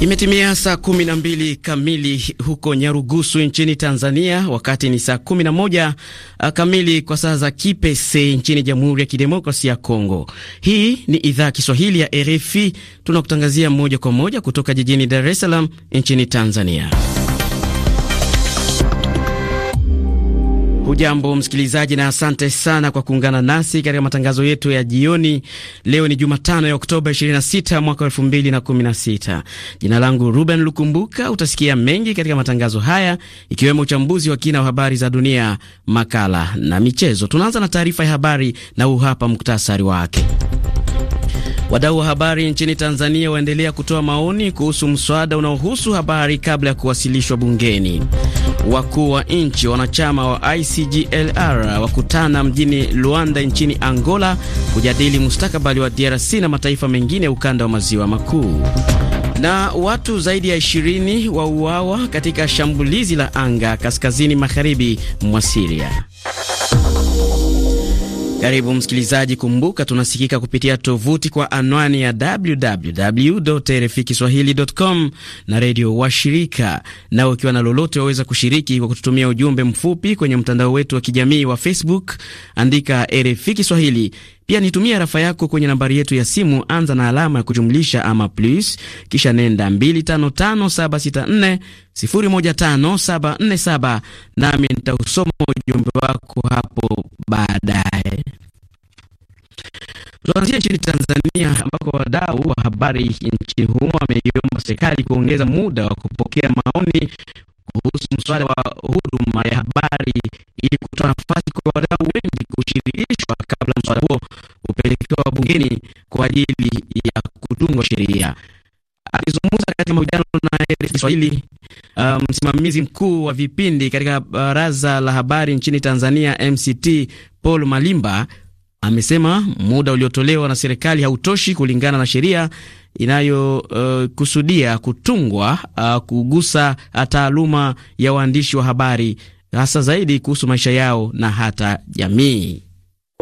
Imetimia saa 12 kamili huko Nyarugusu nchini Tanzania, wakati ni saa 11 kamili kwa saa za Kipese nchini Jamhuri ya Kidemokrasia ya Kongo. Hii ni idhaa Kiswahili ya RFI, tunakutangazia moja kwa moja kutoka jijini Dar es Salaam nchini Tanzania. Hujambo msikilizaji, na asante sana kwa kuungana nasi katika matangazo yetu ya jioni. Leo ni Jumatano ya Oktoba 26 mwaka 2016. Jina langu Ruben Lukumbuka. Utasikia mengi katika matangazo haya, ikiwemo uchambuzi wa kina wa habari za dunia, makala na michezo. Tunaanza na taarifa ya habari na uhapa hapa muktasari wake. Wadau wa habari nchini Tanzania waendelea kutoa maoni kuhusu mswada unaohusu habari kabla ya kuwasilishwa bungeni. Wakuu wa nchi wanachama wa ICGLR wakutana mjini Luanda nchini Angola kujadili mustakabali wa DRC na mataifa mengine ya ukanda wa maziwa makuu. Na watu zaidi ya 20 wauawa katika shambulizi la anga kaskazini magharibi mwa Siria. Karibu msikilizaji, kumbuka tunasikika kupitia tovuti kwa anwani ya www RFI kiswahilicom na redio washirika. Nao ukiwa na lolote, waweza kushiriki kwa kututumia ujumbe mfupi kwenye mtandao wetu wa kijamii wa Facebook, andika RFI Kiswahili pia nitumia rafa yako kwenye nambari yetu ya simu, anza na alama ya kujumlisha ama plus, kisha nenda 255764015747 nami nitausoma ujumbe wako hapo baadaye. Tuanzie nchini Tanzania ambako wadau wa habari nchini humo wameiomba serikali kuongeza muda wa kupokea maoni kuhusu mswada wa huduma ya habari ili kutoa nafasi kwa wadau wengi kushirikishwa kabla mswada huo upelekewa bungeni kwa ajili ya kutungwa sheria. Akizungumza katika mahojiano na RFI Kiswahili, uh, msimamizi um, mkuu wa vipindi katika baraza la habari nchini Tanzania MCT Paul Malimba amesema muda uliotolewa na serikali hautoshi kulingana na sheria inayokusudia uh, kutungwa uh, kugusa uh, taaluma ya waandishi wa habari hasa zaidi kuhusu maisha yao na hata jamii.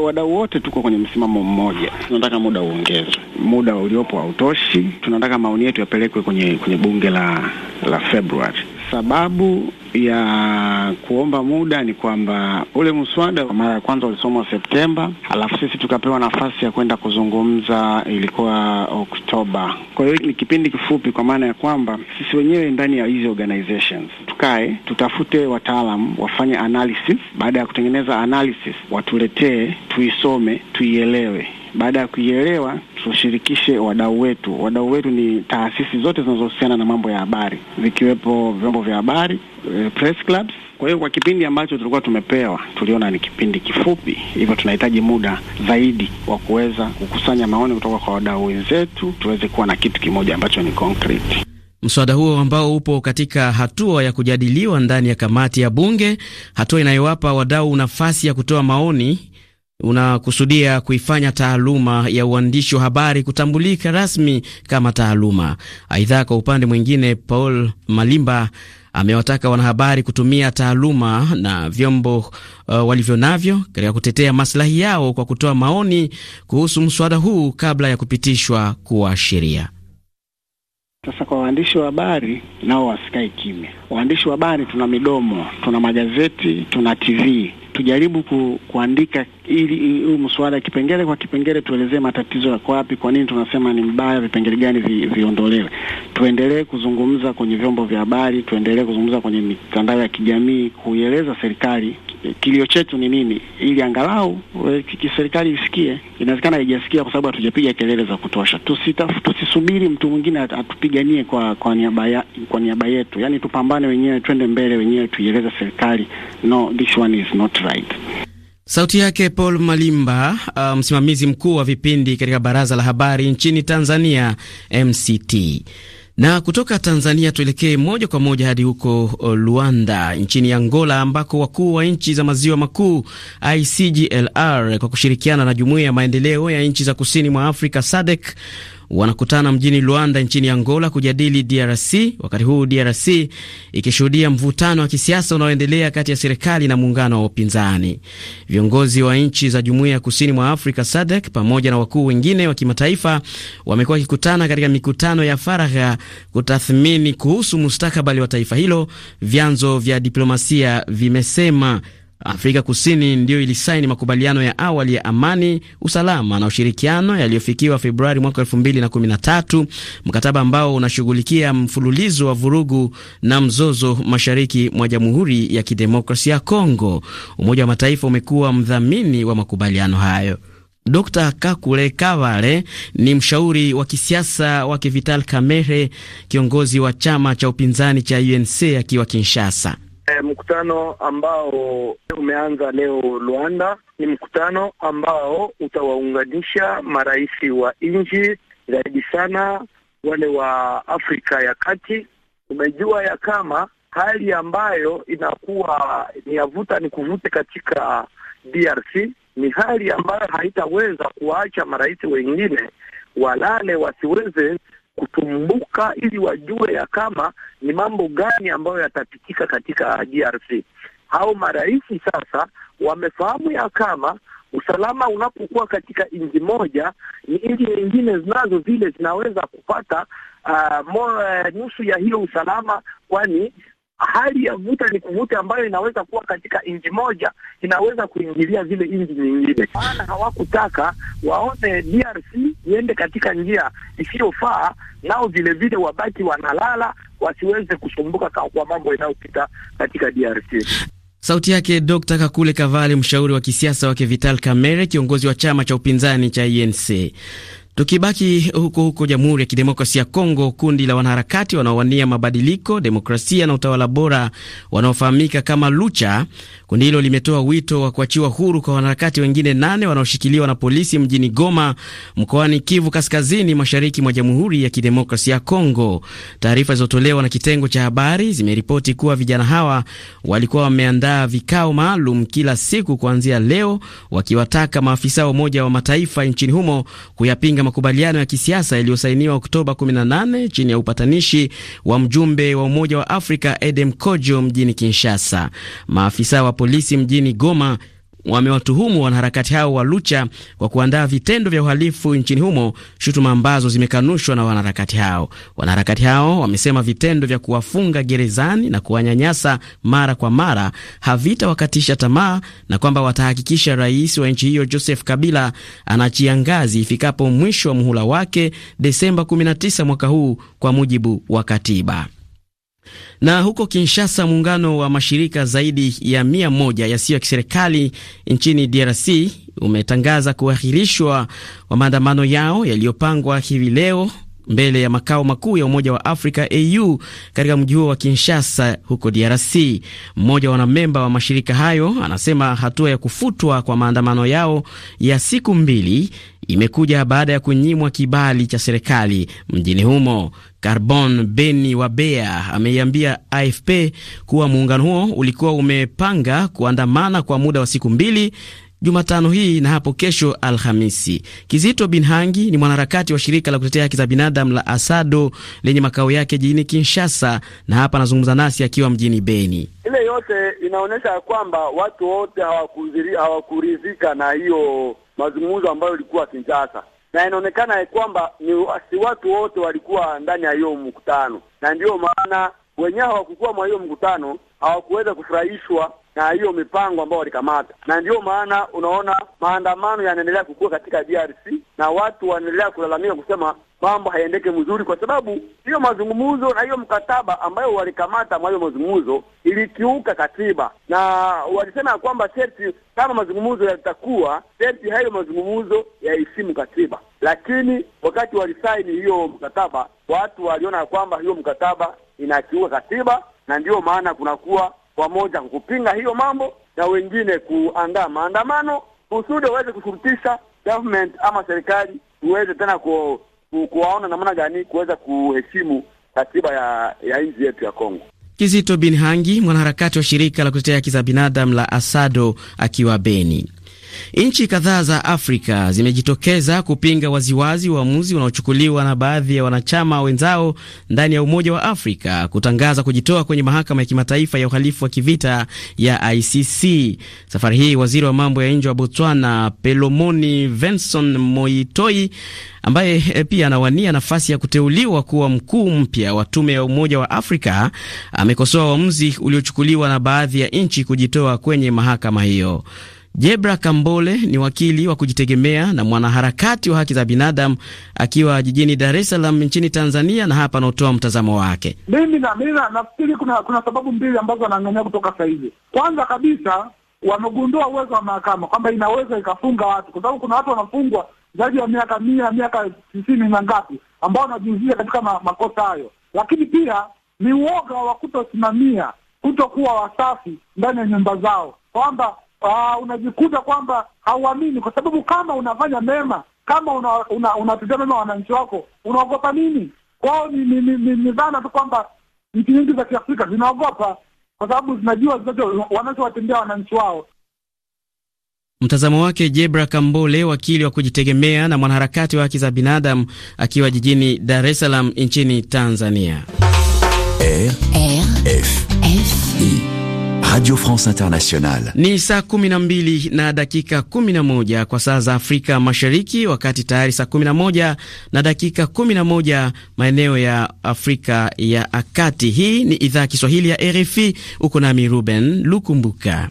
Wadau wote tuko kwenye msimamo mmoja, tunataka muda uongezwe. Muda uliopo hautoshi, tunataka maoni yetu yapelekwe kwenye kwenye bunge la la Februari. Sababu ya kuomba muda ni kwamba ule mswada kwa mara ya kwanza ulisomwa Septemba, alafu sisi tukapewa nafasi ya kwenda kuzungumza ilikuwa Oktoba. Kwa hiyo ni kipindi kifupi, kwa maana ya kwamba sisi wenyewe ndani ya hizi organizations tukae, tutafute wataalam wafanye analysis. Baada ya kutengeneza analysis, watuletee tuisome, tuielewe baada ya kuielewa, tushirikishe wadau wetu. Wadau wetu ni taasisi zote zinazohusiana na mambo ya habari, vikiwepo vyombo vya habari, eh, press clubs. Kwa hiyo kwa kipindi ambacho tulikuwa tumepewa, tuliona ni kipindi kifupi, hivyo tunahitaji muda zaidi wa kuweza kukusanya maoni kutoka kwa wadau wenzetu, tuweze kuwa na kitu kimoja ambacho ni concrete. Mswada huo ambao upo katika hatua ya kujadiliwa ndani ya kamati ya Bunge, hatua inayowapa wadau nafasi ya kutoa maoni unakusudia kuifanya taaluma ya uandishi wa habari kutambulika rasmi kama taaluma. Aidha, kwa upande mwingine, Paul Malimba amewataka wanahabari kutumia taaluma na vyombo uh, walivyo navyo katika kutetea maslahi yao kwa kutoa maoni kuhusu mswada huu kabla ya kupitishwa kuwa sheria. Sasa kwa waandishi wa habari nao wasikae kimya. Waandishi wa habari tuna midomo, tuna magazeti, tuna TV. Tujaribu ku, kuandika ili huu mswada kipengele kwa kipengele tuelezee matatizo yako wapi, kwa nini tunasema ni mbaya, vipengele gani vi, viondolewe. Tuendelee kuzungumza kwenye vyombo vya habari, tuendelee kuzungumza kwenye mitandao ya kijamii, kuieleza serikali kilio chetu ni nini, ili angalau e, serikali isikie. Inawezekana haijasikia kwa sababu hatujapiga kelele za kutosha. tusisubiri mtu mwingine atupiganie kwa kwa niaba ya, kwa niaba yetu, yani tupambane wenyewe, twende mbele wenyewe, tuieleze serikali no, this one is not right. Sauti yake Paul Malimba, uh, msimamizi mkuu wa vipindi katika baraza la habari nchini Tanzania, MCT. Na kutoka Tanzania tuelekee moja kwa moja hadi huko uh, Luanda nchini Angola, ambako wakuu wa nchi za maziwa makuu ICGLR kwa kushirikiana na jumuiya ya maendeleo ya nchi za kusini mwa Afrika SADC e wanakutana mjini Luanda nchini Angola kujadili DRC, wakati huu DRC ikishuhudia mvutano wa kisiasa unaoendelea kati ya serikali na muungano wa upinzani. Viongozi wa nchi za jumuiya ya kusini mwa Afrika SADC pamoja na wakuu wengine wa kimataifa wamekuwa wakikutana katika mikutano ya faragha kutathmini kuhusu mustakabali wa taifa hilo, vyanzo vya diplomasia vimesema. Afrika Kusini ndiyo ilisaini makubaliano ya awali ya amani, usalama na ushirikiano yaliyofikiwa Februari mwaka 2013, mkataba ambao unashughulikia mfululizo wa vurugu na mzozo mashariki mwa Jamhuri ya Kidemokrasia ya Kongo. Umoja wa Mataifa umekuwa mdhamini wa makubaliano hayo. Dr Kakule Kavale ni mshauri wa kisiasa wake Vital Kamerhe, kiongozi wa chama cha upinzani cha UNC akiwa Kinshasa. E, mkutano ambao umeanza leo Luanda ni mkutano ambao utawaunganisha marais wa nchi zaidi sana wale wa Afrika ya Kati. Umejua ya kama hali ambayo inakuwa ni yavuta ni kuvute katika DRC ni hali ambayo haitaweza kuwaacha marais wengine walale wasiweze kutumbuka, ili wajue ya kama ni mambo gani ambayo yatatikika katika DRC. Hao marais sasa wamefahamu ya kama usalama unapokuwa katika nchi moja, ni nchi nyingine zinazo zile zinaweza kupata uh, mo, uh, nusu ya hiyo usalama, kwani hali ya vuta ni kuvuta ambayo inaweza kuwa katika nchi moja inaweza kuingilia zile nchi nyingine. Maana hawakutaka waone DRC iende katika njia isiyofaa, nao vilevile wabaki wanalala, wasiweze kusumbuka kwa mambo yanayopita katika DRC. Sauti yake Dr. Kakule Kavale, mshauri wa kisiasa wake Vital Kamerhe, kiongozi wa chama cha upinzani cha ENC. Tukibaki huko huko Jamhuri ya Kidemokrasia ya Kongo, kundi la wanaharakati wanaowania mabadiliko, demokrasia na utawala bora wanaofahamika kama Lucha, kundi hilo limetoa wito wa kuachiwa huru kwa wanaharakati wengine nane wanaoshikiliwa na polisi mjini Goma, mkoani Kivu Kaskazini, mashariki mwa Jamhuri ya Kidemokrasia ya Kongo. Taarifa zilizotolewa na kitengo cha habari zimeripoti kuwa vijana hawa walikuwa wameandaa vikao maalum kila siku kuanzia leo, wakiwataka maafisa wa Umoja wa Mataifa nchini humo kuyapinga makubaliano ya kisiasa yaliyosainiwa Oktoba 18 chini ya upatanishi wa mjumbe wa Umoja wa Afrika Edem Kojo mjini Kinshasa. Maafisa wa polisi mjini Goma wamewatuhumu wanaharakati hao wa Lucha kwa kuandaa vitendo vya uhalifu nchini humo, shutuma ambazo zimekanushwa na wanaharakati hao. Wanaharakati hao wamesema vitendo vya kuwafunga gerezani na kuwanyanyasa mara kwa mara havitawakatisha tamaa na kwamba watahakikisha rais wa nchi hiyo Joseph Kabila anaachia ngazi ifikapo mwisho wa muhula wake Desemba 19 mwaka huu kwa mujibu wa katiba. Na huko Kinshasa, muungano wa mashirika zaidi ya mia moja yasiyo ya kiserikali nchini DRC umetangaza kuahirishwa wa maandamano yao yaliyopangwa hivi leo mbele ya makao makuu ya Umoja wa Afrika AU katika mji huo wa Kinshasa huko DRC. Mmoja wa wanamemba wa mashirika hayo anasema hatua ya kufutwa kwa maandamano yao ya siku mbili imekuja baada ya kunyimwa kibali cha serikali mjini humo. Carbon Beni Wabea ameiambia AFP kuwa muungano huo ulikuwa umepanga kuandamana kwa muda wa siku mbili Jumatano hii na hapo kesho Alhamisi. Kizito Binhangi ni mwanaharakati wa shirika la kutetea haki za binadamu la ASADO lenye makao yake jijini Kinshasa, na hapa anazungumza nasi akiwa mjini Beni. Ile yote inaonyesha ya kwamba watu wote hawakuridhika na hiyo mazungumzo ambayo ilikuwa Kinshasa na inaonekana ya kwamba ni si watu wote walikuwa ndani ya hiyo mkutano, na ndiyo maana wenyewe hawakukuwa mwa hiyo mkutano, hawakuweza kufurahishwa na hiyo mipango ambayo walikamata, na ndiyo maana unaona maandamano yanaendelea kukua katika DRC na watu wanaendelea kulalamika kusema mambo hayaendeke mzuri, kwa sababu hiyo mazungumzo na hiyo mkataba ambayo walikamata mwa hiyo mazungumzo ilikiuka katiba, na walisema ya kwamba sherti kama mazungumzo yatakuwa, sherti hayo mazungumzo yaheshimu katiba. Lakini wakati walisaini hiyo mkataba, watu waliona ya kwamba hiyo mkataba inakiuka katiba, na ndiyo maana kunakuwa wamoja kupinga hiyo mambo na wengine kuandaa maandamano kusudi waweze kushurutisha government ama serikali iweze tena ku, ku, kuwaona namna gani kuweza kuheshimu katiba ya, ya nchi yetu ya Kongo. Kizito Binhangi, mwanaharakati wa shirika la kutetea haki za binadamu la Asado akiwa Beni. Nchi kadhaa za Afrika zimejitokeza kupinga waziwazi uamuzi unaochukuliwa na baadhi ya wanachama wenzao ndani ya Umoja wa Afrika kutangaza kujitoa kwenye mahakama ya kimataifa ya uhalifu wa kivita ya ICC. Safari hii waziri wa mambo ya nje wa Botswana Pelomoni Venson Moitoi, ambaye eh, pia anawania nafasi ya kuteuliwa kuwa mkuu mpya wa tume ya Umoja wa Afrika, amekosoa uamuzi uliochukuliwa na baadhi ya nchi kujitoa kwenye mahakama hiyo. Jebra Kambole ni wakili wa kujitegemea na mwanaharakati wa haki za binadamu akiwa jijini Dar es Salaam nchini Tanzania, na hapa anaotoa mtazamo wake. Mimi nafikiri kuna kuna sababu mbili ambazo anang'ania kutoka sahizi. Kwanza kabisa wamegundua uwezo wa mahakama kwamba inaweza ikafunga watu, kwa sababu kuna watu wanafungwa zaidi ya miaka mia miaka tisini na ngapi ambao wanajihusisha katika ma, makosa hayo, lakini pia ni uoga wa kutosimamia, kutokuwa wasafi ndani ya nyumba zao kwamba uh, unajikuta kwamba hauamini, kwa sababu kama unafanya mema, kama unatetea una, una mema wananchi wako, unaogopa nini? Kwao ni, ni, ni, ni, ni dhana tu kwamba nchi nyingi za Kiafrika zinaogopa kwa sababu zinajua wanachowatendea wananchi wao. Mtazamo wake Jebra Kambole, wakili wa kujitegemea na mwanaharakati wa haki za binadamu, akiwa jijini Dar es Salaam nchini Tanzania. RFI Radio France Internationale. Ni saa 12 na dakika 11 kwa saa za Afrika Mashariki, wakati tayari saa 11 na dakika 11 maeneo ya Afrika ya akati Hii ni idhaa Kiswahili ya RFI, uko nami Ruben Lukumbuka.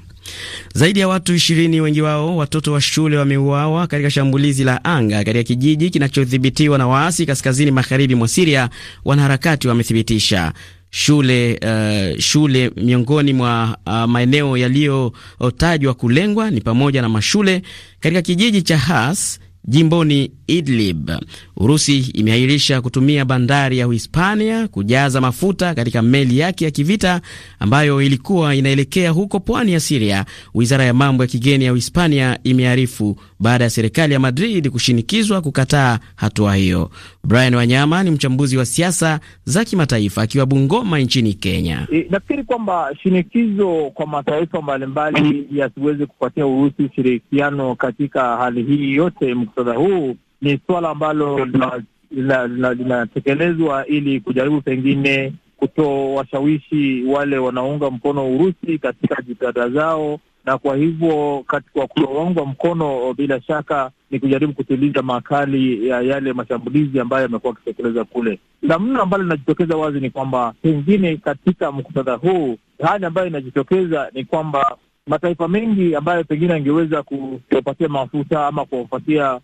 Zaidi ya watu ishirini, wengi wao watoto wa shule, wameuawa katika shambulizi la anga katika kijiji kinachodhibitiwa na waasi kaskazini magharibi mwa Siria, wanaharakati wamethibitisha shule uh, shule miongoni mwa uh, maeneo yaliyotajwa kulengwa ni pamoja na mashule katika kijiji cha Has jimboni Idlib. Urusi imeahirisha kutumia bandari ya Uhispania kujaza mafuta katika meli yake ya kivita ambayo ilikuwa inaelekea huko pwani ya Siria, wizara ya mambo ya kigeni ya Uhispania imearifu baada ya serikali ya Madrid kushinikizwa kukataa hatua hiyo. Brian Wanyama ni mchambuzi wa siasa za kimataifa akiwa Bungoma nchini Kenya. E, nafikiri kwamba shinikizo kwa mataifa mbalimbali yasiweze kupatia Urusi ushirikiano katika hali hii yote muktadha huu ni suala ambalo linatekelezwa ili kujaribu pengine kutowashawishi wale wanaunga mkono Urusi katika jitihada zao, na kwa hivyo kwa kuwaunga mkono, bila shaka ni kujaribu kutuliza makali ya yale mashambulizi ambayo yamekuwa akitekeleza kule. La mno ambalo linajitokeza wazi ni kwamba pengine katika muktadha huu hali ambayo inajitokeza ni kwamba mataifa mengi ambayo pengine angeweza kuwapatia mafuta ama kuwapatia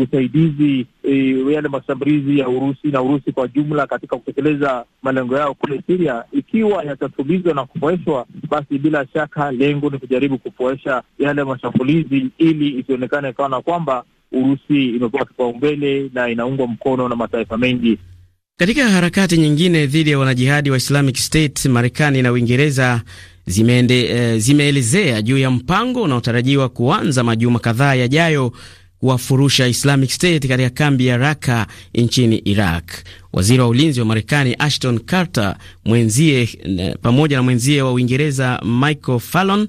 usaidizi e, yale mashambulizi ya Urusi na Urusi kwa jumla katika kutekeleza malengo yao kule Siria, ikiwa yatatulizwa na kupoeshwa, basi bila shaka lengo ni kujaribu kupoesha yale mashambulizi ili isionekane kana kwamba Urusi imepewa kipaumbele na inaungwa mkono na mataifa mengi. Katika harakati nyingine dhidi ya wanajihadi wa Islamic State, Marekani na Uingereza Eh, zimeelezea e, juu ya mpango unaotarajiwa kuanza majuma kadhaa yajayo kuwafurusha Islamic State katika kambi ya Raka nchini Iraq. Waziri wa ulinzi wa Marekani Ashton Carter mwenzie, eh, pamoja na mwenzie wa Uingereza Michael Fallon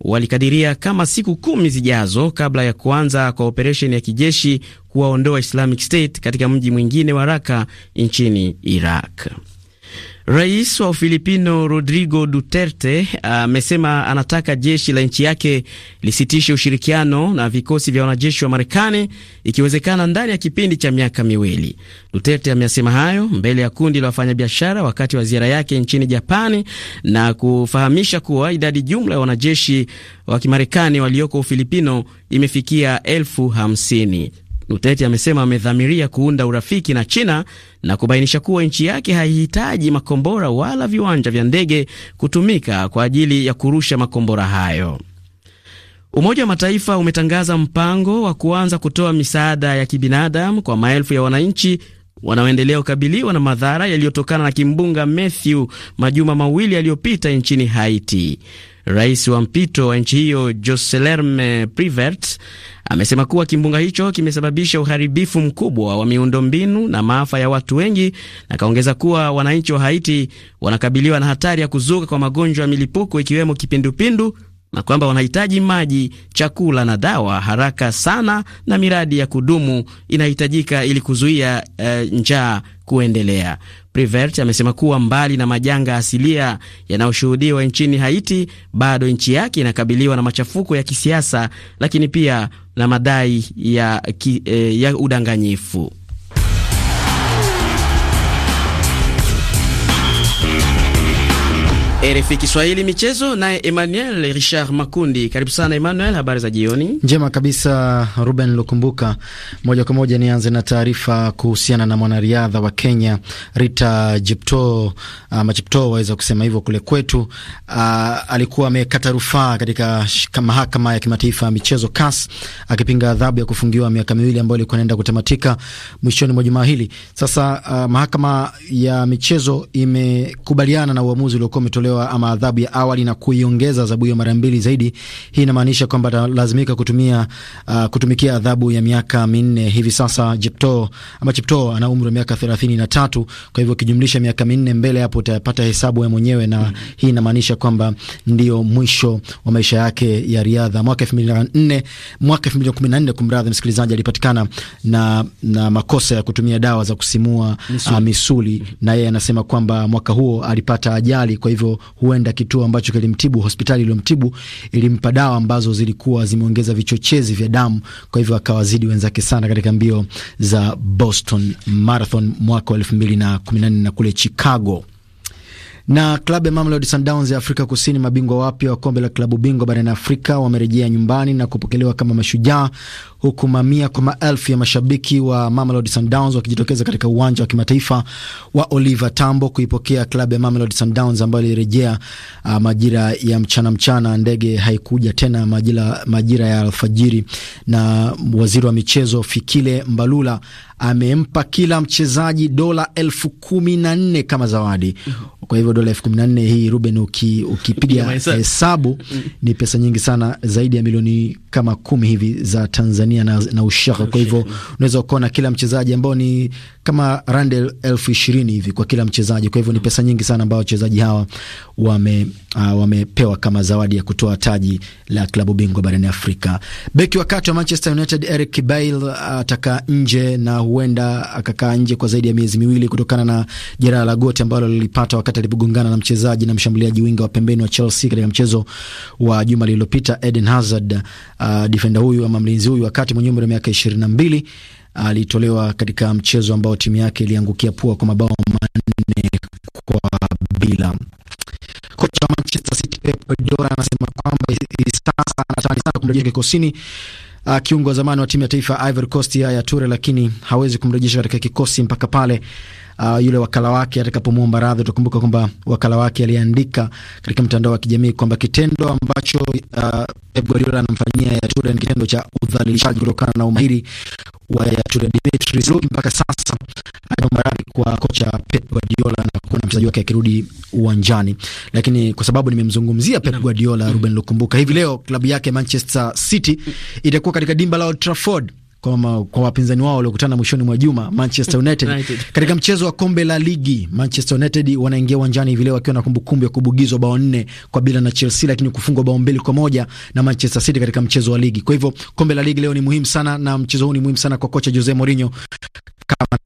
walikadiria kama siku kumi zijazo kabla ya kuanza kwa operesheni ya kijeshi kuwaondoa Islamic State katika mji mwingine wa Raka nchini Iraq. Rais wa Ufilipino Rodrigo Duterte amesema uh, anataka jeshi la nchi yake lisitishe ushirikiano na vikosi vya wanajeshi wa Marekani ikiwezekana ndani ya kipindi cha miaka miwili. Duterte ameasema hayo mbele ya kundi la wafanyabiashara wakati wa ziara yake nchini Japani na kufahamisha kuwa idadi jumla ya wanajeshi wa Kimarekani walioko Ufilipino imefikia elfu hamsini. Duterte amesema amedhamiria kuunda urafiki na China na kubainisha kuwa nchi yake haihitaji makombora wala viwanja vya ndege kutumika kwa ajili ya kurusha makombora hayo. Umoja wa Mataifa umetangaza mpango wa kuanza kutoa misaada ya kibinadamu kwa maelfu ya wananchi wanaoendelea kukabiliwa na madhara yaliyotokana na kimbunga Matthew majuma mawili yaliyopita nchini Haiti. Rais wa mpito wa nchi hiyo Joselerme Prevert amesema kuwa kimbunga hicho kimesababisha uharibifu mkubwa wa miundombinu na maafa ya watu wengi, na kaongeza kuwa wananchi wa Haiti wanakabiliwa na hatari ya kuzuka kwa magonjwa ya milipuko ikiwemo kipindupindu na kwamba wanahitaji maji, chakula na dawa haraka sana, na miradi ya kudumu inahitajika ili kuzuia e, njaa kuendelea. Prevert amesema kuwa mbali na majanga asilia yanayoshuhudiwa nchini Haiti, bado nchi yake inakabiliwa na machafuko ya kisiasa, lakini pia na madai ya, ki, eh, ya udanganyifu. RFI Kiswahili michezo, naye Emmanuel Richard Makundi. Karibu sana Emmanuel, habari za jioni? Njema kabisa Ruben Lukumbuka. Moja kwa moja nianze na taarifa kuhusiana na mwanariadha wa Kenya Rita Jeptoo, ama ah, Jeptoo waweza kusema hivyo kule kwetu. Aa, ah, alikuwa amekata rufaa katika mahakama ya kimataifa ya michezo CAS akipinga adhabu ya kufungiwa miaka miwili ambayo ilikuwa inaenda kutamatika mwishoni mwa jumaa hili. Sasa uh, mahakama ya michezo imekubaliana na uamuzi uliokuwa umetolewa kuondolewa ama adhabu ya awali na kuiongeza adhabu hiyo mara mbili zaidi. Hii inamaanisha kwamba atalazimika kutumia uh, kutumikia adhabu ya miaka minne. Hivi sasa Jeptoo ama Cheptoo ana umri wa miaka thelathini na tatu. Kwa hivyo ukijumlisha miaka minne mbele hapo utapata hesabu ya mwenyewe, na mm. hii inamaanisha kwamba ndio mwisho wa maisha yake ya riadha. Mwaka elfu mbili na nne mwaka elfu mbili na kumi na nne kumradhi msikilizaji, alipatikana na, na makosa ya kutumia dawa za kusimua misuli, uh, misuli. Hmm. na yeye anasema kwamba mwaka huo alipata ajali, kwa hivyo huenda kituo ambacho kilimtibu, hospitali iliyomtibu ilimpa dawa ambazo zilikuwa zimeongeza vichochezi vya damu, kwa hivyo akawazidi wenzake sana katika mbio za Boston Marathon mwaka wa elfu mbili na kumi na nne na kule Chicago. Na klabu ya Mamelodi Sundowns ya Afrika Kusini, mabingwa wapya wa kombe la klabu bingwa barani Afrika, wamerejea nyumbani na kupokelewa kama mashujaa, huku mamia kwa maelfu ya mashabiki wa Mamelodi Sundowns wakijitokeza katika uwanja wa kimataifa wa Oliver Tambo kuipokea klabu ya Mamelodi Sundowns ambayo ilirejea uh, majira ya mchana mchana. Ndege haikuja tena majira, majira ya alfajiri, na waziri wa michezo Fikile Mbalula amempa kila mchezaji dola elfu kumi na nne kama zawadi. Mhm. Kwa hivyo dola elfu kumi na nne hii Ruben, ukipiga hesabu ni pesa nyingi sana, zaidi ya milioni kama kumi hivi za Tanzania na, na ushaka. Kwa hivyo unaweza ukaona kila mchezaji ambao ni kama rand elfu ishirini hivi kwa kila mchezaji. Kwa hivyo ni pesa nyingi sana ambayo wachezaji hawa wame, uh, wamepewa kama zawadi ya kutoa taji la klabu bingwa barani Afrika. Beki wa kati wa Manchester United Eric Bailly uh, nje na huenda akakaa nje kwa zaidi ya miezi miwili kutokana na jeraha la goti ambalo lilipata wakati alipogongana na mchezaji na mshambuliaji winga wa pembeni wa Chelsea katika mchezo wa juma lililopita Eden Hazard. Uh, defenda huyu ama mlinzi huyu wakati mwenye umri wa miaka ishirini na mbili alitolewa katika mchezo ambao timu yake iliangukia pua kwa mabao manne kwa bila. Kocha wa Manchester City Pep Guardiola anasema kwamba sasa anatamani sana kumrejesha kikosini ah, kiungo wa zamani wa timu ya taifa Ivory Coast Yaya Toure, lakini hawezi kumrejesha katika kikosi mpaka pale Uh, yule wakala wake atakapomwomba radhi. Utakumbuka kwamba wakala wake aliandika katika mtandao wa kijamii kwamba kitendo ambacho uh, Pep Guardiola anamfanyia Yaya Toure ni kitendo cha udhalilishaji kutokana na umahiri wa Julian Dimitri Zlot mpaka sasa hajawa maradhi kwa kocha Pep Guardiola na kuona mchezaji wake akirudi uwanjani, lakini kwa sababu nimemzungumzia Pep Guardiola, mm-hmm. Ruben Lukumbuka, hivi leo klabu yake Manchester City itakuwa katika dimba la Old Trafford kwa, kwa wapinzani wao waliokutana mwishoni mwa juma Manchester United katika mchezo wa kombe la ligi. Manchester United wanaingia uwanjani hivi leo wakiwa na kumbukumbu ya kubugizwa bao nne kwa bila na Chelsea, lakini kufungwa bao mbili kwa moja na Manchester City katika mchezo wa ligi. Kwa hivyo kombe la ligi leo ni muhimu sana, na mchezo huu ni muhimu sana kwa kocha Jose Mourinho kama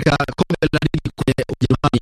katika kombe la ligi kule Ujerumani.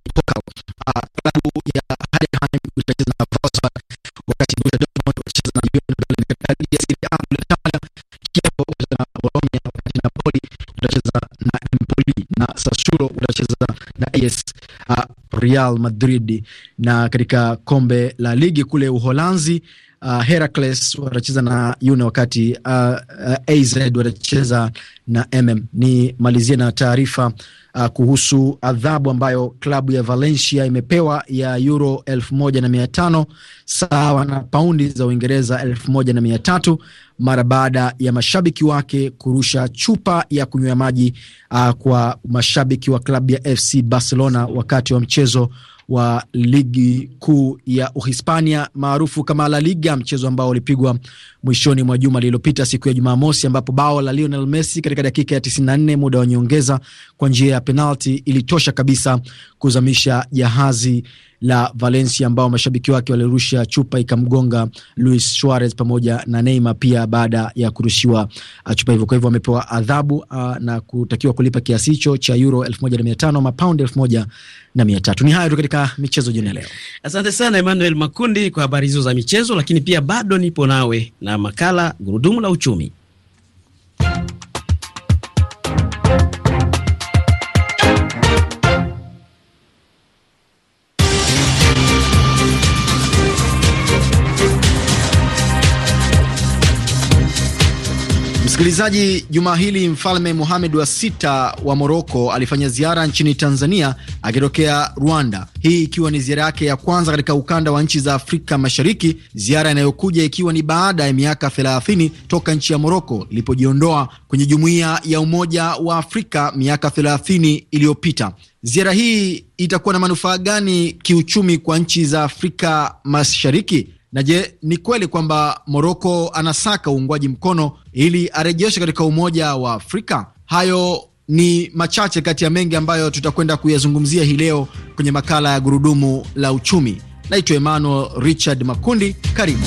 Nachulo utacheza na AS uh, Real Madrid, na katika kombe la ligi kule Uholanzi uh, Heracles watacheza na Yune wakati uh, uh, AZ watacheza na MM. ni malizie na taarifa uh, kuhusu adhabu ambayo klabu ya Valencia imepewa ya euro elfu moja na mia tano sawa na paundi za Uingereza elfu moja na mia tatu mara baada ya mashabiki wake kurusha chupa ya kunywa maji uh, kwa mashabiki wa klabu ya FC Barcelona wakati wa mchezo wa ligi kuu ya Uhispania maarufu kama La Liga, mchezo ambao ulipigwa mwishoni mwa juma lililopita siku ya Jumamosi, ambapo bao la Lionel Messi katika dakika ya 94 muda wa nyongeza kwa njia ya penalti ilitosha kabisa kuzamisha jahazi la Valencia ambao mashabiki wake walirusha chupa ikamgonga Luis Suarez pamoja na Neymar pia baada ya kurushiwa uh, chupa hivyo. Kwa hivyo wamepewa adhabu uh, na kutakiwa kulipa kiasi hicho cha euro elfu moja na mia tano ama paundi elfu moja Ni hayo tu katika michezo jioni leo. Asante sana Emmanuel Makundi kwa habari hizo za michezo, lakini pia bado nipo nawe na makala gurudumu la uchumi. Msikilizaji, juma hili mfalme muhamed wa sita wa Moroko alifanya ziara nchini Tanzania akitokea Rwanda, hii ikiwa ni ziara yake ya kwanza katika ukanda wa nchi za Afrika Mashariki, ziara inayokuja ikiwa ni baada ya miaka 30 toka nchi ya Moroko ilipojiondoa kwenye jumuiya ya Umoja wa Afrika miaka 30 iliyopita. Ziara hii itakuwa na manufaa gani kiuchumi kwa nchi za Afrika Mashariki? Na je, ni kweli kwamba Moroko anasaka uungwaji mkono ili arejeshe katika Umoja wa Afrika? Hayo ni machache kati ya mengi ambayo tutakwenda kuyazungumzia hii leo kwenye makala ya Gurudumu la Uchumi. Naitwa Emmanuel Richard Makundi, karibu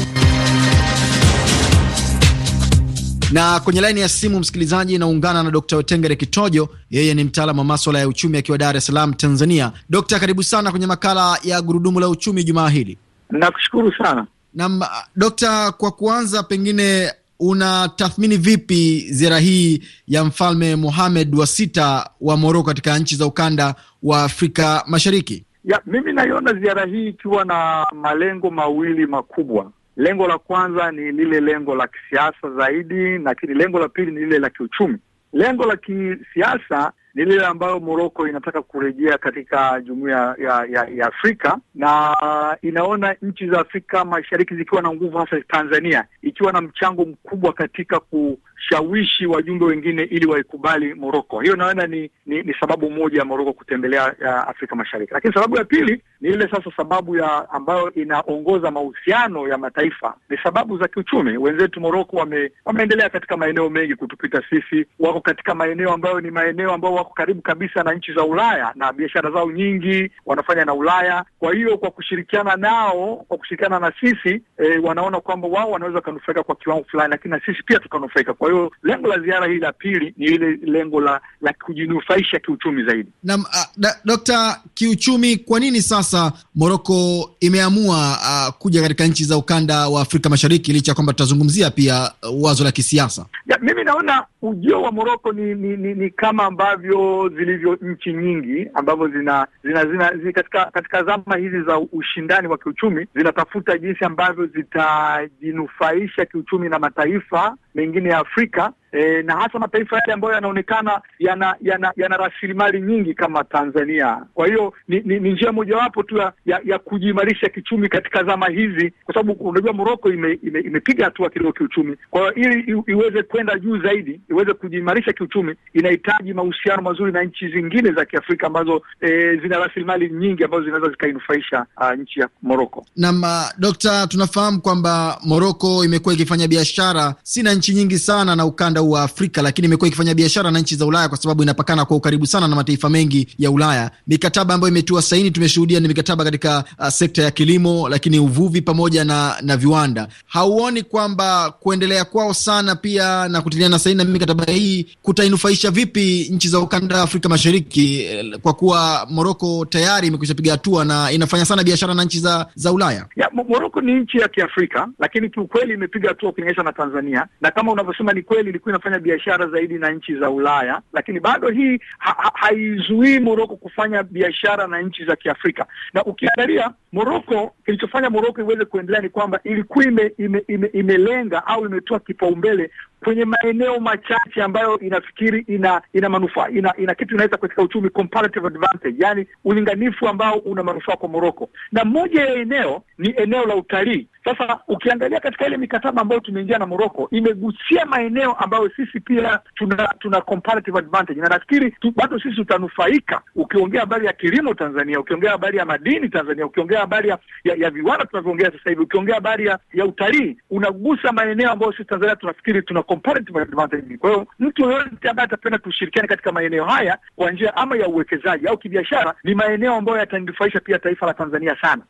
na kwenye laini ya simu msikilizaji, inaungana na Dr Wetengere Kitojo. Yeye ni mtaalamu wa maswala ya uchumi akiwa Dar es Salaam, Tanzania. Dokta, karibu sana kwenye makala ya gurudumu la uchumi jumaa hili. Nakushukuru sana. Naam, Dokta, kwa kuanza, pengine unatathmini vipi ziara hii ya Mfalme Mohamed wa sita wa Moroko katika nchi za ukanda wa Afrika Mashariki? Ya, mimi naiona ziara hii ikiwa na malengo mawili makubwa. Lengo la kwanza ni lile lengo la kisiasa zaidi, lakini lengo la pili ni lile la kiuchumi. Lengo la kisiasa ni lile ambayo Moroko inataka kurejea katika jumuiya ya, ya, ya Afrika na inaona nchi za Afrika Mashariki zikiwa na nguvu, hasa Tanzania ikiwa na mchango mkubwa katika ku shawishi wajumbe wengine ili waikubali Moroko. Hiyo naona ni, ni, ni sababu moja ya Moroko kutembelea ya Afrika Mashariki, lakini sababu ya pili ni ile sasa sababu ya ambayo inaongoza mahusiano ya mataifa ni sababu za kiuchumi. Wenzetu Moroko wame, wameendelea katika maeneo mengi kutupita sisi, wako katika maeneo ambayo ni maeneo ambayo wako karibu kabisa na nchi za Ulaya na biashara zao nyingi wanafanya na Ulaya. Kwa hiyo kwa kushirikiana nao, kwa kushirikiana na sisi e, wanaona kwamba wao wanaweza wakanufaika kwa kiwango fulani, lakini na sisi pia tukanufaika kwa kwa hiyo lengo la ziara hii la pili ni ile lengo la la kujinufaisha kiuchumi zaidi. Naam, ah, Dokta, kiuchumi, kwa nini sasa Moroko imeamua uh, kuja katika nchi za ukanda wa Afrika Mashariki licha ya kwamba tutazungumzia pia uh, wazo la kisiasa? Ya, mimi naona ujio wa Moroko ni, ni, ni, ni kama ambavyo zilivyo nchi nyingi ambavyo zina, zina, zina, zina katika, katika zama hizi za ushindani wa kiuchumi zinatafuta jinsi ambavyo zitajinufaisha kiuchumi na mataifa mengine ya Afrika e, na hasa mataifa yale ambayo yanaonekana yana yana, yana rasilimali nyingi kama Tanzania. Kwa hiyo ni, ni, ni njia mojawapo tu ya, ya kujiimarisha kichumi katika zama hizi, kwa sababu unajua Moroko imepiga ime, ime hatua kidogo kiuchumi. Kwa hiyo ili iweze kwenda juu zaidi, iweze kujiimarisha kiuchumi, inahitaji mahusiano mazuri na nchi zingine za Kiafrika ambazo e, zina rasilimali nyingi ambazo zinaweza zikainufaisha nchi ya Moroko. Naam, Dokta, tunafahamu kwamba Moroko imekuwa ikifanya biashara si na nchi nyingi sana na ukanda ukanda wa Afrika, lakini imekuwa ikifanya biashara na nchi za Ulaya kwa sababu inapakana kwa ukaribu sana na mataifa mengi ya Ulaya. Mikataba ambayo imetiwa saini tumeshuhudia ni mikataba katika uh, sekta ya kilimo, lakini uvuvi pamoja na, na viwanda. Hauoni kwamba kuendelea kwao sana pia na kutiliana saini na mikataba hii kutainufaisha vipi nchi za ukanda wa Afrika Mashariki, eh, kwa kuwa Moroko tayari imekwisha piga hatua na inafanya sana biashara na nchi za, za Ulaya? Ya, Moroko ni nchi ya Kiafrika, lakini kiukweli imepiga hatua ukilinganisha na Tanzania, na kama unavyosema ni kweli inafanya biashara zaidi na nchi za Ulaya, lakini bado hii ha, ha, haizuii Moroko kufanya biashara na nchi za Kiafrika. Na ukiangalia Moroko, kilichofanya Moroko iweze kuendelea ni kwamba ilikuwa ime, ime, ime, imelenga au imetoa kipaumbele kwenye maeneo machache ambayo inafikiri ina ina manufaa ina, ina kitu inaweza katika uchumi comparative advantage, yani ulinganifu ambao una manufaa kwa Moroko, na moja ya eneo ni eneo la utalii sasa ukiangalia katika ile mikataba ambayo tumeingia na Morocco imegusia maeneo ambayo sisi pia tuna tuna comparative advantage, na nafikiri bado sisi tutanufaika. Ukiongea habari ya kilimo Tanzania, ukiongea habari ya madini Tanzania, ukiongea habari ya, ya, ya viwanda tunavyoongea sasa hivi, ukiongea habari ya, ya utalii, unagusa maeneo ambayo sisi Tanzania tunafikiri tuna comparative advantage. Kwa hiyo mtu yoyote ambaye atapenda kushirikiana katika maeneo haya kwa njia ama ya uwekezaji au kibiashara, ni maeneo ambayo yatanufaisha pia taifa la Tanzania sana.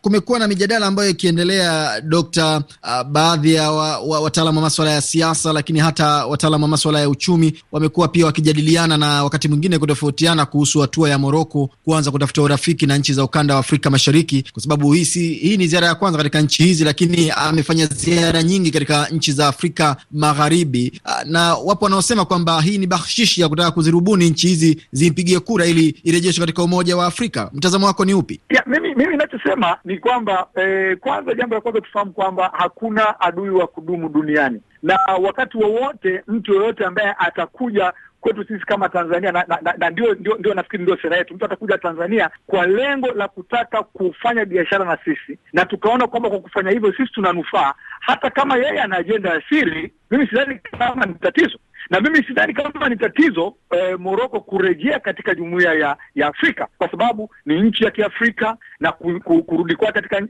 kumekuwa na mijadala ambayo ikiendelea haya Dokta, uh, baadhi ya wa, wa, wa maswala ya siasa, lakini hata wataalamu wa maswala ya uchumi wamekuwa pia wakijadiliana na wakati mwingine kutofautiana kuhusu hatua ya Moroko kuanza kutafuta urafiki na nchi za ukanda wa Afrika Mashariki, kwa sababu hii, hii ni ziara ya kwanza katika nchi hizi, lakini amefanya ziara nyingi katika nchi za Afrika Magharibi, ah, na wapo wanaosema kwamba hii ni bahshishi ya kutaka kuzirubuni nchi hizi zimpigie kura ili irejeshwe katika Umoja wa Afrika. Mtazamo wako ni upi? Ya, mimi, mimi nachosema ni kwamba eh, kwanza jambo la kwanza tufahamu kwamba hakuna adui wa kudumu duniani, na wakati wowote wa mtu yoyote ambaye atakuja kwetu sisi kama Tanzania na, na, na, na ndio, ndio, ndio nafikiri ndio sera yetu. Mtu atakuja Tanzania kwa lengo la kutaka kufanya biashara na sisi, na tukaona kwamba kwa kufanya hivyo sisi tunanufaa, hata kama yeye ana ajenda ya siri. Mimi sidhani kama ni tatizo na mimi sidhani kama ni tatizo eh, Moroko kurejea katika jumuiya ya, ya Afrika kwa sababu ni nchi ya Kiafrika na ku, ku, kurudi kwake katika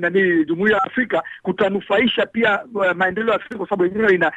nani jumuiya ya Afrika kutanufaisha pia uh, maendeleo ya Afrika kwa sababu yenyewe ina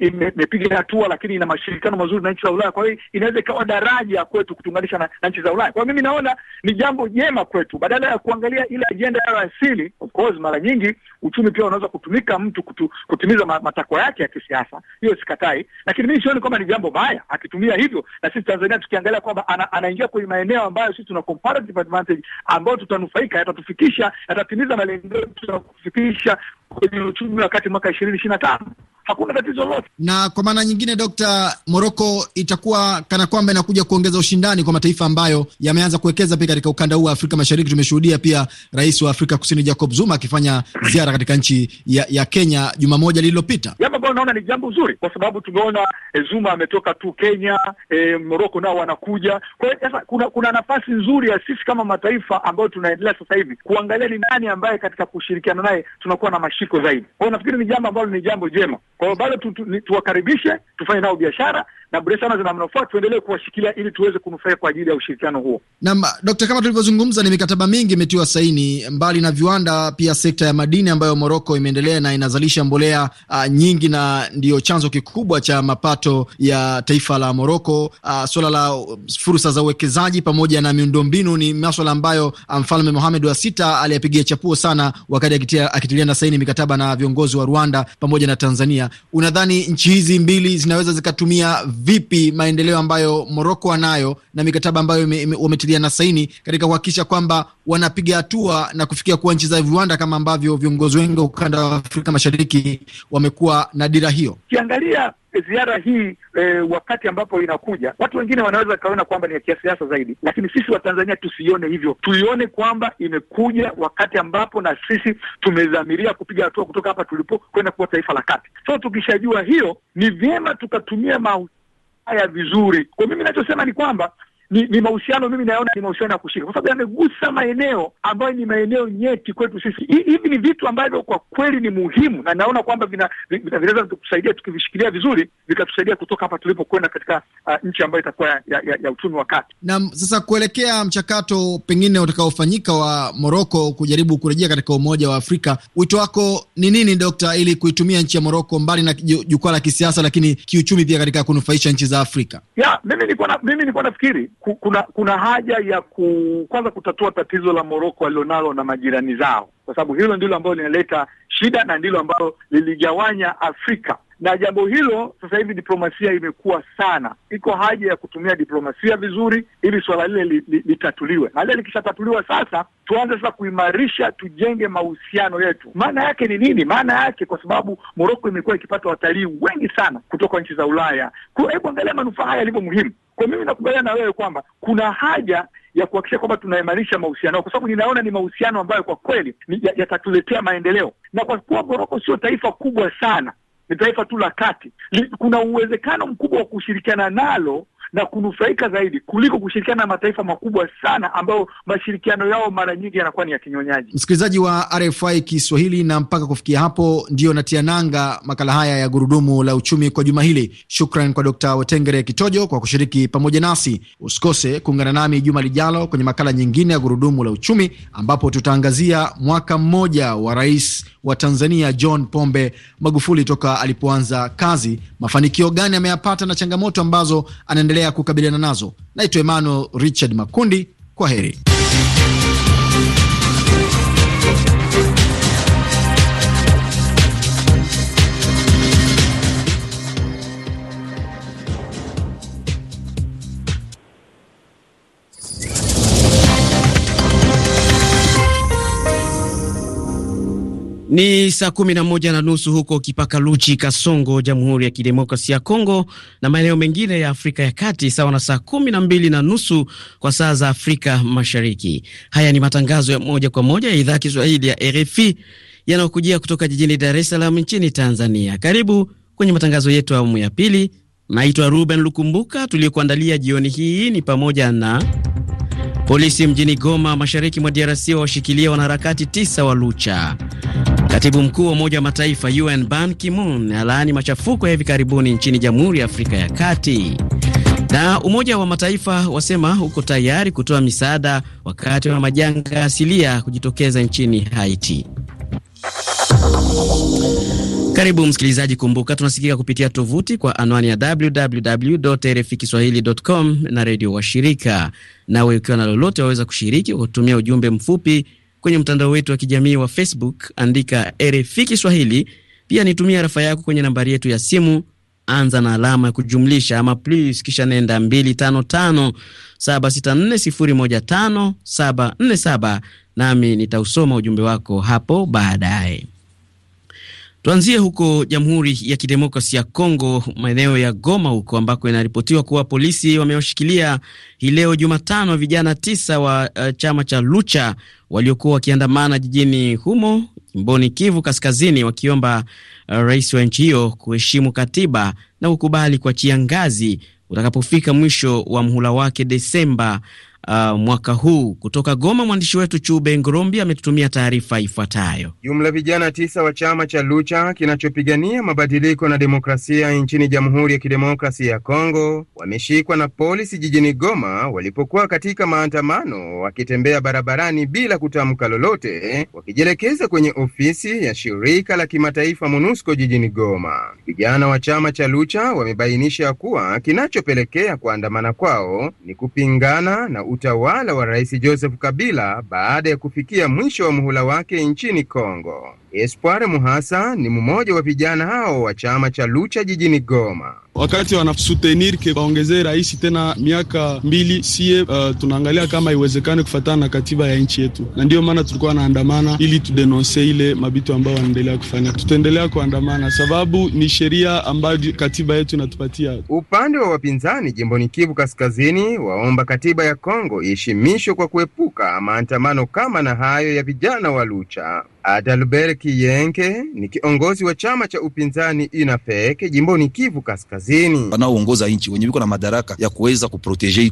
imepiga hatua, lakini ina mashirikiano mazuri na nchi za Ulaya. Kwa hiyo inaweza ikawa daraja kwetu kutunganisha na, na nchi za Ulaya. Kwa hiyo mimi naona ni jambo jema kwetu, badala ya kuangalia ile ajenda ya asili. Of course mara nyingi uchumi pia unaweza kutumika mtu kutu, kutimiza matakwa yake ya kisiasa, hiyo sikatai. Lakini mimi sioni kwamba ni jambo baya akitumia hivyo, na sisi Tanzania tukiangalia kwamba ana, anaingia kwenye maeneo ambayo sisi tuna comparative advantage ambayo tutanufaika, yatatufikisha, yatatimiza malengo yetu ya kufikisha kwenye uchumi wa kati mwaka ishirini ishirini na tano hakuna tatizo lolote. Na kwa maana nyingine, Dokta, Moroko itakuwa kana kwamba inakuja kuongeza ushindani kwa mataifa ambayo yameanza kuwekeza pia katika ukanda huu wa Afrika Mashariki. Tumeshuhudia pia rais wa Afrika Kusini Jacob Zuma akifanya ziara katika nchi ya, ya Kenya juma moja lililopita, jambo ambayo naona ni jambo zuri, kwa sababu tumeona e, Zuma ametoka tu Kenya, e, eh, Moroko nao wanakuja. Kwa hiyo sasa kuna, kuna nafasi nzuri ya sisi kama mataifa ambayo tunaendelea sasa hivi kuangalia ni nani ambaye katika kushirikiana naye tunakuwa na mashiko zaidi. Kwa hiyo nafikiri ni jambo ambalo ni jambo jema. Kwa hiyo bado tuwakaribishe, tu, tufanye nao biashara na bure sana zina manufaa, tuendelee kuwashikilia ili tuweze kunufaika kwa ajili ya ushirikiano huo. Naam, Dkt. kama tulivyozungumza, ni mikataba mingi imetiwa saini, mbali na viwanda, pia sekta ya madini ambayo Moroko imeendelea na inazalisha mbolea uh, nyingi na ndiyo chanzo kikubwa cha mapato ya taifa la Moroko. Uh, ah, suala la um, fursa za uwekezaji pamoja na miundombinu ni maswala ambayo ah, Mfalme Mohamed wa Sita aliyapigia chapuo sana wakati akitilia na saini mikataba na viongozi wa Rwanda pamoja na Tanzania unadhani nchi hizi mbili zinaweza zikatumia vipi maendeleo ambayo Moroko anayo na mikataba ambayo wametiliana saini katika kuhakikisha kwamba wanapiga hatua na kufikia kuwa nchi za viwanda kama ambavyo viongozi wengi wa ukanda wa Afrika Mashariki wamekuwa na dira hiyo? Ukiangalia ziara hii e, wakati ambapo inakuja watu wengine wanaweza wakaona kwamba ni ya kisiasa zaidi, lakini sisi Watanzania tusione hivyo, tuione kwamba imekuja wakati ambapo na sisi tumedhamiria kupiga hatua kutoka hapa tulipo kwenda kuwa taifa la kati. So tukishajua hiyo, ni vyema tukatumia ma haya vizuri. Kwa mimi nachosema ni kwamba ni, ni mahusiano mimi nayaona ni mahusiano ya kushika, kwa sababu yamegusa maeneo ambayo ni maeneo nyeti kwetu sisi. Hivi ni vitu ambavyo kwa kweli ni muhimu, na naona kwamba vinaweza vina, vitatusaidia tukivishikilia vizuri, vikatusaidia kutoka hapa tulipokwenda katika uh, nchi ambayo itakuwa ya, ya, ya uchumi wa kati. Naam, sasa kuelekea mchakato pengine utakaofanyika wa Moroko kujaribu kurejea katika Umoja wa Afrika, wito wako ni nini Dokta, ili kuitumia nchi ya Moroko mbali na jukwaa la kisiasa, lakini kiuchumi pia katika kunufaisha nchi za Afrika? Ya, mimi nilikuwa nafikiri kuna kuna haja ya ku, kwanza kutatua tatizo la Moroko walilonalo na majirani zao, kwa sababu hilo ndilo ambalo linaleta shida na ndilo ambalo liligawanya Afrika na jambo hilo sasa hivi diplomasia imekuwa sana, iko haja ya kutumia diplomasia vizuri ili suala lile litatuliwe, na lile likishatatuliwa sasa, tuanze sasa kuimarisha, tujenge mahusiano yetu. Maana yake ni nini? Maana yake kwa sababu Moroko imekuwa ikipata watalii wengi sana kutoka nchi za Ulaya, kwa hebu angalia manufaa haya yalivyo muhimu. Kwa mimi nakubaliana na wewe kwamba kuna haja ya kuhakikisha kwamba tunaimarisha mahusiano, kwa sababu ninaona ni mahusiano ambayo kwa kweli yatatuletea ya maendeleo, na kwa kuwa Moroko sio taifa kubwa sana, ni taifa tu la kati, kuna uwezekano mkubwa wa kushirikiana nalo na kunufaika zaidi kuliko kushirikiana na mataifa makubwa sana ambayo mashirikiano yao mara nyingi yanakuwa ni ya kinyonyaji. Msikilizaji wa RFI Kiswahili, na mpaka kufikia hapo ndiyo natia nanga makala haya ya gurudumu la uchumi kwa juma hili. Shukran kwa Dr. Wetengere Kitojo kwa kushiriki pamoja nasi. Usikose kuungana nami juma lijalo kwenye makala nyingine ya gurudumu la uchumi ambapo tutaangazia mwaka mmoja wa rais wa Tanzania John Pombe Magufuli toka alipoanza kazi, mafanikio gani ameyapata na changamoto ambazo anaendelea tunaendelea kukabiliana nazo. Naitwa Emmanuel Richard Makundi, kwa heri. Ni saa kumi na moja na nusu huko Kipakaluchi, Kasongo, Jamhuri ya Kidemokrasia ya Kongo na maeneo mengine ya Afrika ya Kati, sawa na saa kumi na mbili na nusu kwa saa za Afrika Mashariki. Haya ni matangazo ya moja kwa moja ya idhaa Kiswahili ya RFI yanayokujia kutoka jijini Dar es Salaam nchini Tanzania. Karibu kwenye matangazo yetu ya awamu ya pili. Naitwa Ruben Lukumbuka. Tuliokuandalia jioni hii ni pamoja na polisi mjini Goma, mashariki mwa DRC, wawashikilia wanaharakati tisa wa Lucha Katibu mkuu wa Umoja wa Mataifa UN Ban Ki-moon alaani machafuko ya hivi karibuni nchini Jamhuri ya Afrika ya Kati. Na Umoja wa Mataifa wasema uko tayari kutoa misaada wakati wa majanga asilia kujitokeza nchini Haiti. Karibu msikilizaji, kumbuka tunasikika kupitia tovuti kwa anwani ya kiswahilicom na redio washirika. Nawe ukiwa na lolote waweza kushiriki kwa kutumia ujumbe mfupi kwenye mtandao wetu wa kijamii wa Facebook, andika RFI Kiswahili. Pia nitumia rafa yako kwenye nambari yetu ya simu, anza na alama ya kujumlisha ama plus, kisha nenda 255 764 nami nitausoma ujumbe wako hapo baadaye. Tuanzie huko Jamhuri ya Kidemokrasi ya Kongo, maeneo ya Goma huko ambako inaripotiwa kuwa polisi wamewashikilia hii leo Jumatano vijana tisa wa uh, chama cha Lucha waliokuwa wakiandamana jijini humo jimboni Kivu Kaskazini, wakiomba uh, rais wa nchi hiyo kuheshimu katiba na kukubali kuachia ngazi utakapofika mwisho wa mhula wake Desemba uh, mwaka huu. Kutoka Goma, mwandishi wetu Chube Ngurumbi ametutumia taarifa ifuatayo. Jumla vijana tisa wa chama cha Lucha kinachopigania mabadiliko na demokrasia nchini Jamhuri ya kidemokrasi ya Kongo wameshikwa na polisi jijini Goma walipokuwa katika maandamano, wakitembea barabarani bila kutamka lolote, wakijielekeza kwenye ofisi ya shirika la kimataifa MONUSCO jijini Goma. Vijana wa chama cha Lucha wamebainisha kuwa kinachopelekea kuandamana kwao ni kupingana na utawala wa Rais Joseph Kabila baada ya kufikia mwisho wa muhula wake nchini Kongo. Espoir Muhasa ni mmoja wa vijana hao wa chama cha Lucha jijini Goma. Wakati wanasutenir ke waongezee rais tena miaka mbili, sie uh, tunaangalia kama iwezekane kufatana na katiba ya nchi yetu, na ndiyo maana tulikuwa naandamana ili tudenonse ile mabitu ambayo wanaendelea kufanya. Tutaendelea kuandamana sababu ni sheria ambayo katiba yetu inatupatia. Upande wa wapinzani jimboni Kivu Kaskazini waomba katiba ya Kongo iheshimishwe kwa kuepuka maandamano kama na hayo ya vijana wa Lucha. Adalbert Kiyenke ni kiongozi wa chama cha upinzani Inapeke jimboni Kivu Kaskazini. Wanaoongoza nchi wenye viko na madaraka ya kuweza kuproteje hii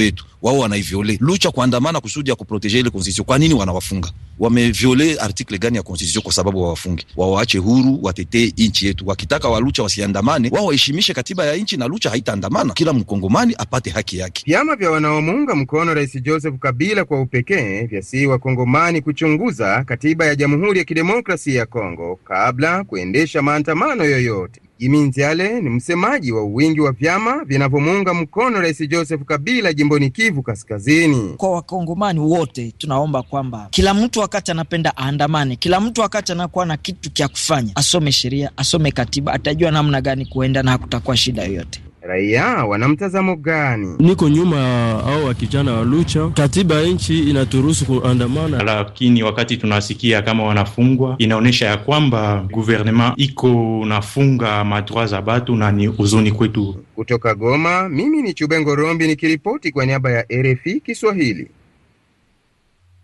yetu, wao wanaiviole lucha kuandamana kusudi ya kuproteje ile konstitusio. Kwa nini wanawafunga? wameviole artikle gani ya konstitution kwa sababu wawafungi wawaache huru, watetee nchi yetu. Wakitaka walucha wasiandamane, wao waheshimishe katiba ya nchi na lucha haitaandamana. Kila mkongomani apate haki yake. Vyama vya wanaomuunga mkono Rais Joseph Kabila kwa upekee vyasihi wakongomani kuchunguza katiba ya Jamhuri ya Kidemokrasia ya Kongo kabla kuendesha maandamano yoyote. Jimi Nzale ni msemaji wa wingi wa vyama vinavyomuunga mkono Rais Joseph Kabila jimboni Kivu Kaskazini. Kwa wakongomani wote tunaomba kwamba kila mtu wakati anapenda aandamane, kila mtu wakati anakuwa na kitu cha kufanya asome sheria, asome katiba, atajua namna gani kuenda na hakutakuwa shida yoyote raia wana mtazamo gani? Niko nyuma au wakijana wa Lucha, katiba ya nchi inaturuhusu kuandamana, lakini wakati tunasikia kama wanafungwa, inaonyesha ya kwamba guvernema iko nafunga matroa za batu na ni huzuni kwetu. Kutoka Goma, mimi ni Chubengo Rombi nikiripoti kwa niaba ya RFI Kiswahili.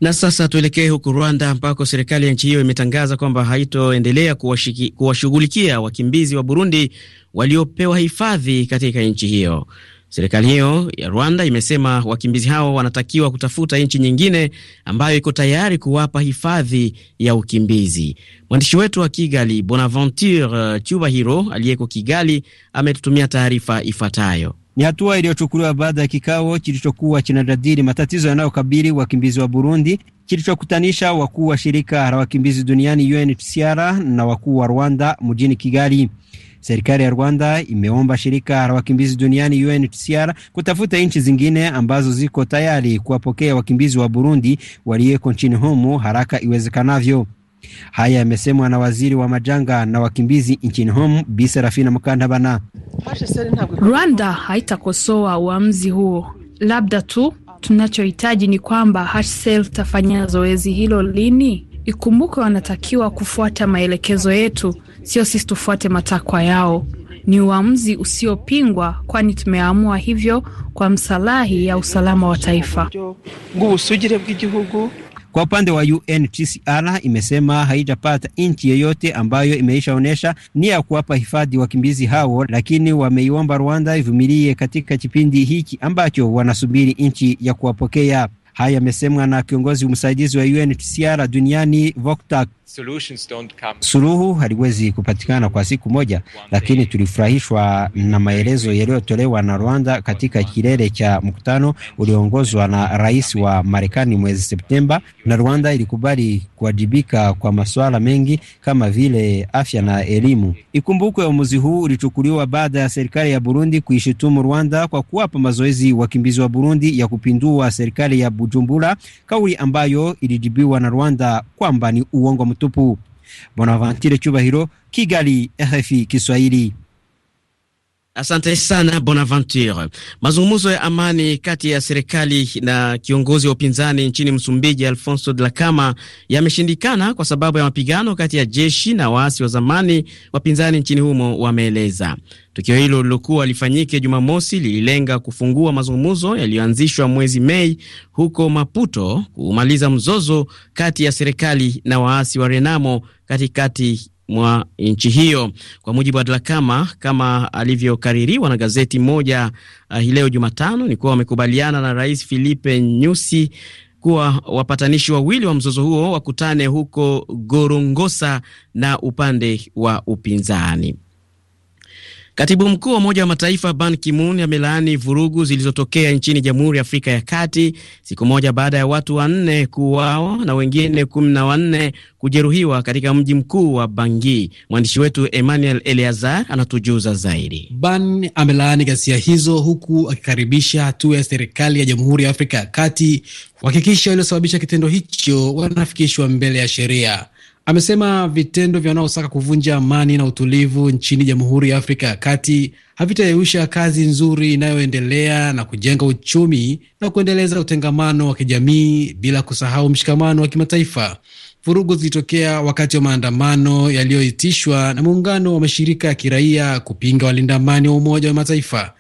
Na sasa tuelekee huko Rwanda ambako serikali ya nchi hiyo imetangaza kwamba haitoendelea kuwashughulikia wakimbizi wa Burundi waliopewa hifadhi katika nchi hiyo. Serikali hiyo ya Rwanda imesema wakimbizi hao wanatakiwa kutafuta nchi nyingine ambayo iko tayari kuwapa hifadhi ya ukimbizi. Mwandishi wetu wa Kigali Bonaventure Chubahiro aliyeko Kigali ametutumia taarifa ifuatayo. Ni hatua iliyochukuliwa baada ya kikao kilichokuwa kinajadili matatizo yanayokabili wakimbizi wa Burundi kilichokutanisha wakuu wa shirika la wakimbizi duniani UNHCR na wakuu wa Rwanda mjini Kigali. Serikali ya Rwanda imeomba shirika la wakimbizi duniani UNHCR kutafuta nchi zingine ambazo ziko tayari kuwapokea wakimbizi wa Burundi waliyeko nchini humo haraka iwezekanavyo. Haya yamesemwa na waziri wa majanga na wakimbizi nchini humu Bi Serafina Mukantabana. Rwanda haitakosoa uamuzi huo, labda tu tunachohitaji ni kwamba HCR tafanya zoezi hilo lini. Ikumbuke wanatakiwa kufuata maelekezo yetu, sio sisi tufuate matakwa yao. Ni uamuzi usiopingwa, kwani tumeamua hivyo kwa msalahi ya usalama wa taifa. Kwa upande wa UNHCR imesema haitapata nchi yeyote ambayo imeishaonyesha nia ya kuwapa hifadhi wakimbizi hao, lakini wameiomba Rwanda ivumilie katika kipindi hiki ambacho wanasubiri nchi ya kuwapokea. Haya yamesemwa na kiongozi msaidizi wa UNHCR duniani Volker Suluhu haliwezi kupatikana kwa siku moja, lakini tulifurahishwa na maelezo yaliyotolewa na Rwanda katika kilele cha mkutano ulioongozwa na rais wa Marekani mwezi Septemba, na Rwanda ilikubali kuwajibika kwa masuala mengi kama vile afya na elimu. Ikumbukwe uamuzi huu ulichukuliwa baada ya serikali ya Burundi kuishutumu Rwanda kwa kuwapa mazoezi wakimbizi wa Burundi ya kupindua serikali ya Burundi Bujumbura, kauli ambayo ilijibiwa na Rwanda kwamba ni uongo mtupu. Bonaventure Chubahiro, Kigali, RFI Kiswahili. Asante sana Bonaventure. Mazungumzo ya amani kati ya serikali na kiongozi wa upinzani nchini Msumbiji, Alfonso Dhlakama, yameshindikana kwa sababu ya mapigano kati ya jeshi na waasi wa zamani wapinzani nchini humo, wameeleza. Tukio hilo lilokuwa lifanyike Jumamosi lililenga kufungua mazungumzo yaliyoanzishwa mwezi Mei huko Maputo kumaliza mzozo kati ya serikali na waasi wa Renamo katikati mwa nchi hiyo, kwa mujibu wa Dhlakama. Kama alivyokaririwa na gazeti moja uh, hii leo Jumatano, ni kuwa wamekubaliana na Rais Filipe Nyusi kuwa wapatanishi wawili wa mzozo huo wakutane huko Gorongosa na upande wa upinzani. Katibu mkuu wa Umoja wa Mataifa Ban Ki-moon amelaani vurugu zilizotokea nchini Jamhuri ya Afrika ya Kati siku moja baada ya watu wanne kuuawa na wengine kumi na wanne kujeruhiwa katika mji mkuu wa bangi Mwandishi wetu Emmanuel Eleazar anatujuza zaidi. Ban amelaani ghasia hizo huku akikaribisha hatua ya serikali ya Jamhuri ya Afrika ya Kati kuhakikisha waliosababisha kitendo hicho wanafikishwa mbele ya sheria. Amesema vitendo vya wanaosaka kuvunja amani na utulivu nchini Jamhuri ya Afrika ya Kati havitayeusha kazi nzuri inayoendelea na kujenga uchumi na kuendeleza utengamano wa kijamii bila kusahau mshikamano wa kimataifa. Vurugu zilitokea wakati wa maandamano yaliyoitishwa na muungano wa mashirika ya kiraia kupinga walinda amani wa Umoja wa Mataifa.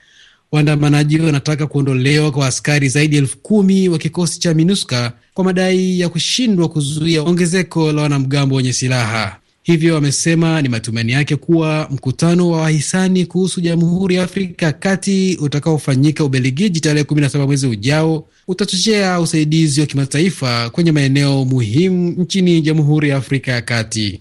Waandamanaji wanataka kuondolewa kwa askari zaidi ya elfu kumi wa kikosi cha MINUSCA kwa madai ya kushindwa kuzuia ongezeko la wanamgambo wenye silaha. Hivyo amesema ni matumaini yake kuwa mkutano wa wahisani kuhusu Jamhuri ya Afrika ya Kati utakaofanyika Ubelgiji tarehe 17 mwezi ujao utachochea usaidizi wa kimataifa kwenye maeneo muhimu nchini Jamhuri ya Afrika ya Kati.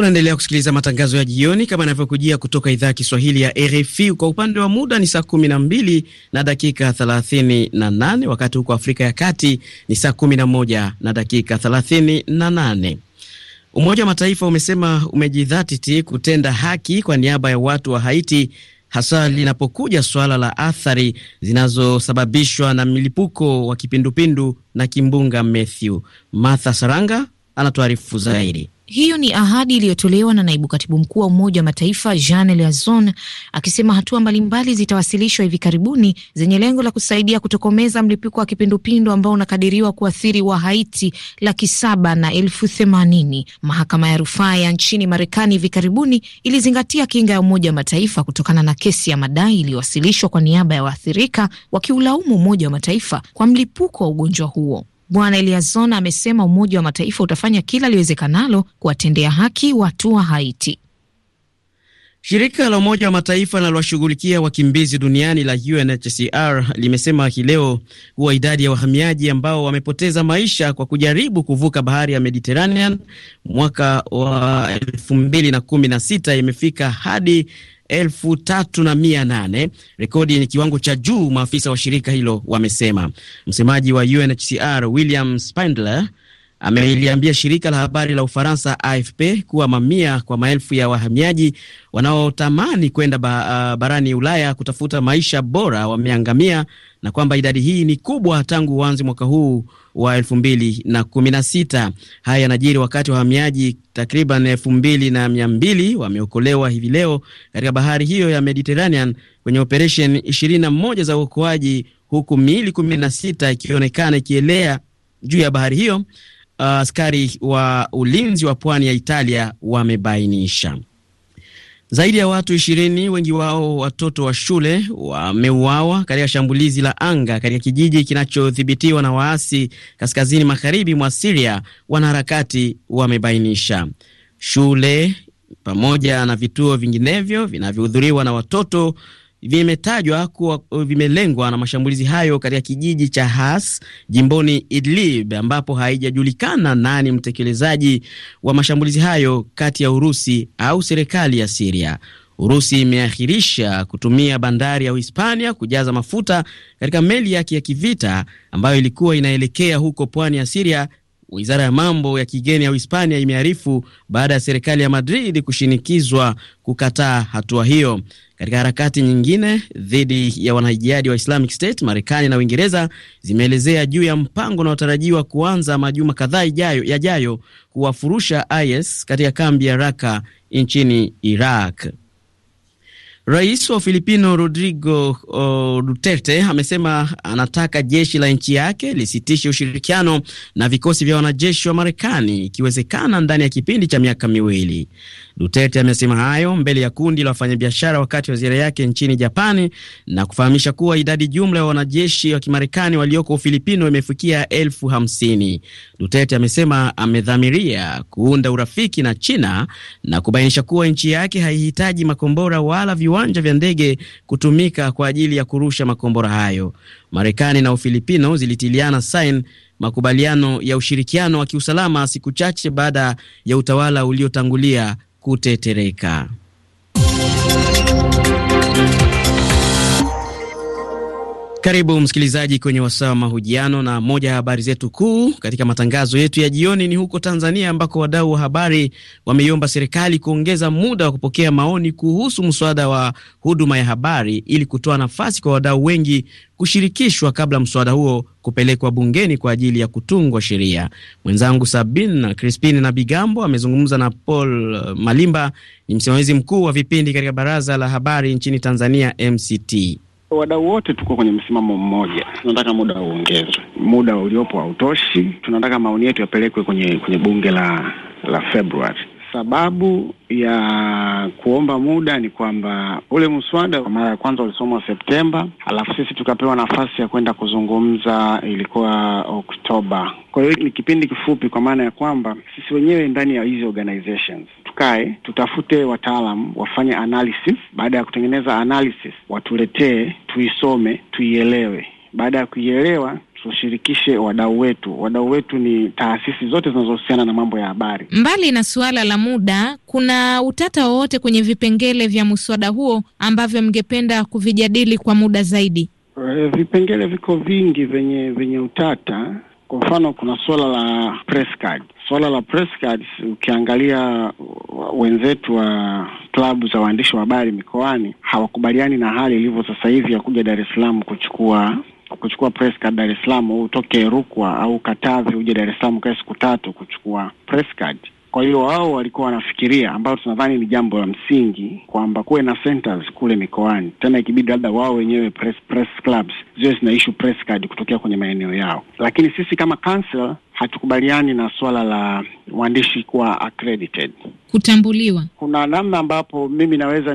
Unaendelea kusikiliza matangazo ya jioni kama anavyokujia kutoka idhaa ya Kiswahili ya RFI. Kwa upande wa muda ni saa 12 na dakika 38, wakati huko Afrika ya Kati ni saa 11 na dakika 38. Umoja wa Mataifa umesema umejidhatiti kutenda haki kwa niaba ya watu wa Haiti hasa linapokuja suala la athari zinazosababishwa na milipuko wa kipindupindu na kimbunga Matthew. Martha Saranga anatuarifu zaidi. Hiyo ni ahadi iliyotolewa na naibu katibu mkuu wa Umoja wa Mataifa Jean Leazon akisema hatua mbalimbali zitawasilishwa hivi karibuni zenye lengo la kusaidia kutokomeza mlipuko wa kipindupindu ambao unakadiriwa kuathiri wa Haiti laki saba na elfu themanini. Mahakama ya rufaa ya nchini Marekani hivi karibuni ilizingatia kinga ya Umoja wa Mataifa kutokana na kesi ya madai iliyowasilishwa kwa niaba ya waathirika wakiulaumu Umoja wa Mataifa kwa mlipuko wa ugonjwa huo. Bwana Eliazon amesema Umoja wa Mataifa utafanya kila liwezekanalo kuwatendea haki watu wa Haiti. Shirika la Umoja wa Mataifa linalowashughulikia wakimbizi duniani la UNHCR limesema hii leo kuwa idadi ya wahamiaji ambao wamepoteza maisha kwa kujaribu kuvuka bahari ya Mediterranean mwaka wa 2016 imefika hadi elfu tatu na mia nane rekodi yenye kiwango cha juu, maafisa wa shirika hilo wamesema. Msemaji wa UNHCR William Spindler ameliambia shirika la habari la Ufaransa AFP kuwa mamia kwa maelfu ya wahamiaji wanaotamani kwenda ba, uh, barani Ulaya kutafuta maisha bora wameangamia na kwamba idadi hii ni kubwa tangu uanzi mwaka huu wa elfu mbili na kumi na sita. Haya yanajiri wakati wa wahamiaji takriban elfu mbili na mia mbili wameokolewa hivi leo katika bahari hiyo ya Mediterranean kwenye operesheni 21 za uokoaji, huku miili 16 ikionekana ikielea juu ya bahari hiyo, askari uh, wa ulinzi wa pwani ya Italia wamebainisha. Zaidi ya watu ishirini, wengi wao watoto wa shule, wameuawa katika shambulizi la anga katika kijiji kinachodhibitiwa na waasi kaskazini magharibi mwa Siria, wanaharakati wamebainisha. Shule pamoja na vituo vinginevyo vinavyohudhuriwa na watoto vimetajwa kuwa vimelengwa na mashambulizi hayo katika kijiji cha Has jimboni Idlib, ambapo haijajulikana nani mtekelezaji wa mashambulizi hayo kati ya Urusi au serikali ya Siria. Urusi imeahirisha kutumia bandari ya Uhispania kujaza mafuta katika meli yake ya kivita ambayo ilikuwa inaelekea huko pwani ya Siria Wizara ya mambo ya kigeni ya Uhispania imearifu baada ya serikali ya Madrid kushinikizwa kukataa hatua hiyo. Katika harakati nyingine dhidi ya wanajihadi wa Islamic State, Marekani na Uingereza zimeelezea juu ya mpango unaotarajiwa kuanza majuma kadhaa yajayo kuwafurusha IS katika kambi ya Raka nchini Iraq. Rais wa Filipino Rodrigo Duterte amesema anataka jeshi la nchi yake lisitishe ushirikiano na vikosi vya wanajeshi wa Marekani ikiwezekana ndani ya kipindi cha miaka miwili. Duterte amesema hayo mbele ya kundi la wafanyabiashara wakati wa ziara yake nchini Japani na kufahamisha kuwa idadi jumla ya wanajeshi wa Kimarekani walioko Ufilipino imefikia elfu hamsini. Duterte amesema amedhamiria kuunda urafiki na China na kubainisha kuwa nchi yake haihitaji makombora wala viwanja vya ndege kutumika kwa ajili ya kurusha makombora hayo. Marekani na Ufilipino zilitiliana sain makubaliano ya ushirikiano wa kiusalama siku chache baada ya utawala uliotangulia kutetereka. Karibu msikilizaji kwenye wasaa wa mahojiano, na moja ya habari zetu kuu katika matangazo yetu ya jioni ni huko Tanzania, ambako wadau wa habari wameiomba serikali kuongeza muda wa kupokea maoni kuhusu mswada wa huduma ya habari ili kutoa nafasi kwa wadau wengi kushirikishwa kabla mswada huo kupelekwa bungeni kwa ajili ya kutungwa sheria. Mwenzangu sabin Crispin na Bigambo amezungumza na Paul Malimba, ni msimamizi mkuu wa vipindi katika Baraza la Habari nchini Tanzania, MCT. Wadau wote tuko kwenye msimamo mmoja, tunataka muda uongezwe. Muda uliopo hautoshi, tunataka maoni yetu yapelekwe kwenye kwenye bunge la la Februari. Sababu ya kuomba muda ni kwamba ule mswada kwa mara ya kwanza ulisomwa Septemba, alafu sisi tukapewa nafasi ya kwenda kuzungumza, ilikuwa Oktoba. Kwa hiyo ni kipindi kifupi, kwa maana ya kwamba sisi wenyewe ndani ya hizi organizations tukae tutafute wataalam wafanye analysis. Baada ya kutengeneza analysis, watuletee tuisome, tuielewe. Baada ya kuielewa tushirikishe wadau wetu. Wadau wetu ni taasisi zote zinazohusiana na mambo ya habari. Mbali na suala la muda, kuna utata wowote kwenye vipengele vya mswada huo ambavyo mngependa kuvijadili kwa muda zaidi? E, vipengele viko vingi vyenye vyenye utata. Kwa mfano, kuna suala la press card Swala la press cards, ukiangalia wenzetu wa klabu za waandishi wa habari mikoani hawakubaliani na hali ilivyo sasa hivi ya kuja Dar es Salaam kuchukua kuchukua press card Dar es Salaam, utoke Rukwa au Katavi uje Dar es Salaam kwa siku tatu kuchukua press card. Kwa hiyo wao walikuwa wanafikiria, ambalo tunadhani ni jambo la msingi, kwamba kuwe na centers kule mikoani, tena ikibidi labda wao wenyewe press, press clubs ziwe zina issue press card kutokea kwenye maeneo yao, lakini sisi kama council hatukubaliani na swala la waandishi kuwa accredited kutambuliwa. Kuna namna ambapo mimi naweza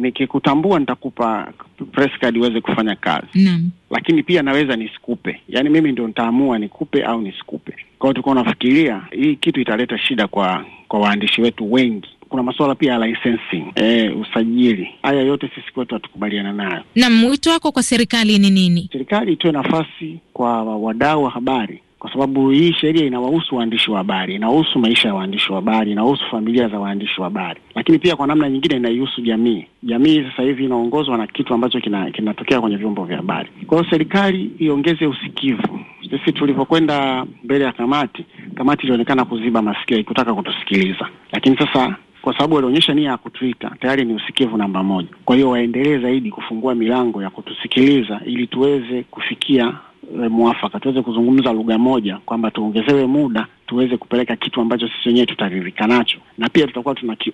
nikikutambua, ni nitakupa press card uweze kufanya kazi naam, lakini pia naweza nisikupe, yaani mimi ndio nitaamua nikupe au nisikupe. Kwa hiyo tulikuwa unafikiria hii kitu italeta shida kwa kwa waandishi wetu wengi. Kuna masuala pia ya licensing, e, usajili. Haya yote sisi kwetu hatukubaliana nayo. Na mwito wako kwa serikali ni nini? Serikali itoe nafasi kwa wadau wa habari kwa sababu hii sheria inawahusu waandishi wa habari, inawahusu maisha ya waandishi wa habari, inawahusu familia za waandishi wa habari, lakini pia kwa namna nyingine inaihusu jamii. Jamii sasa hivi inaongozwa na kitu ambacho kinatokea kina kwenye vyombo vya habari. Kwa hiyo serikali iongeze usikivu. Sisi tulivyokwenda mbele ya kamati, kamati ilionekana kuziba masikio, ikutaka kutusikiliza, lakini sasa kwa sababu walionyesha nia ya kutuita tayari ni usikivu namba moja. Kwa hiyo waendelee zaidi kufungua milango ya kutusikiliza ili tuweze kufikia Eh, mwafaka, tuweze kuzungumza lugha moja, kwamba tuongezewe muda tuweze kupeleka kitu ambacho sisi wenyewe tutaridhika nacho na pia tutakuwa tuna ki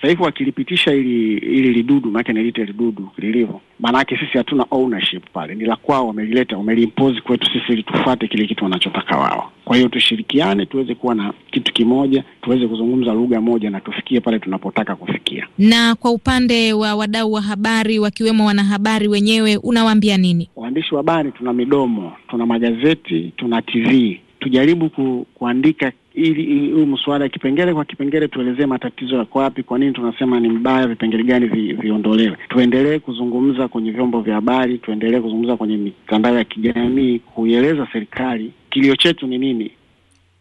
sasa hivi wakilipitisha ili ili lidudu, maana nilite lidudu lilivyo, maana yake sisi hatuna ownership pale, ni la kwao, wamelileta wamelimpose kwetu sisi ili tufuate kile kitu wanachotaka wao. Kwa hiyo tushirikiane, tuweze kuwa na kitu kimoja, tuweze kuzungumza lugha moja na tufikie pale tunapotaka kufikia. Na kwa upande wa wadau wa habari wakiwemo wanahabari wenyewe, unawaambia nini waandishi wa habari? Tuna midomo, tuna magazeti, tuna TV, tujaribu ku, kuandika ili huu mswada kipengele kwa kipengele tuelezee matatizo yako wapi, kwa nini tunasema ni mbaya, vipengele gani vi, viondolewe. Tuendelee kuzungumza kwenye vyombo vya habari, tuendelee kuzungumza kwenye mitandao ya kijamii, kuieleza serikali kilio chetu ni nini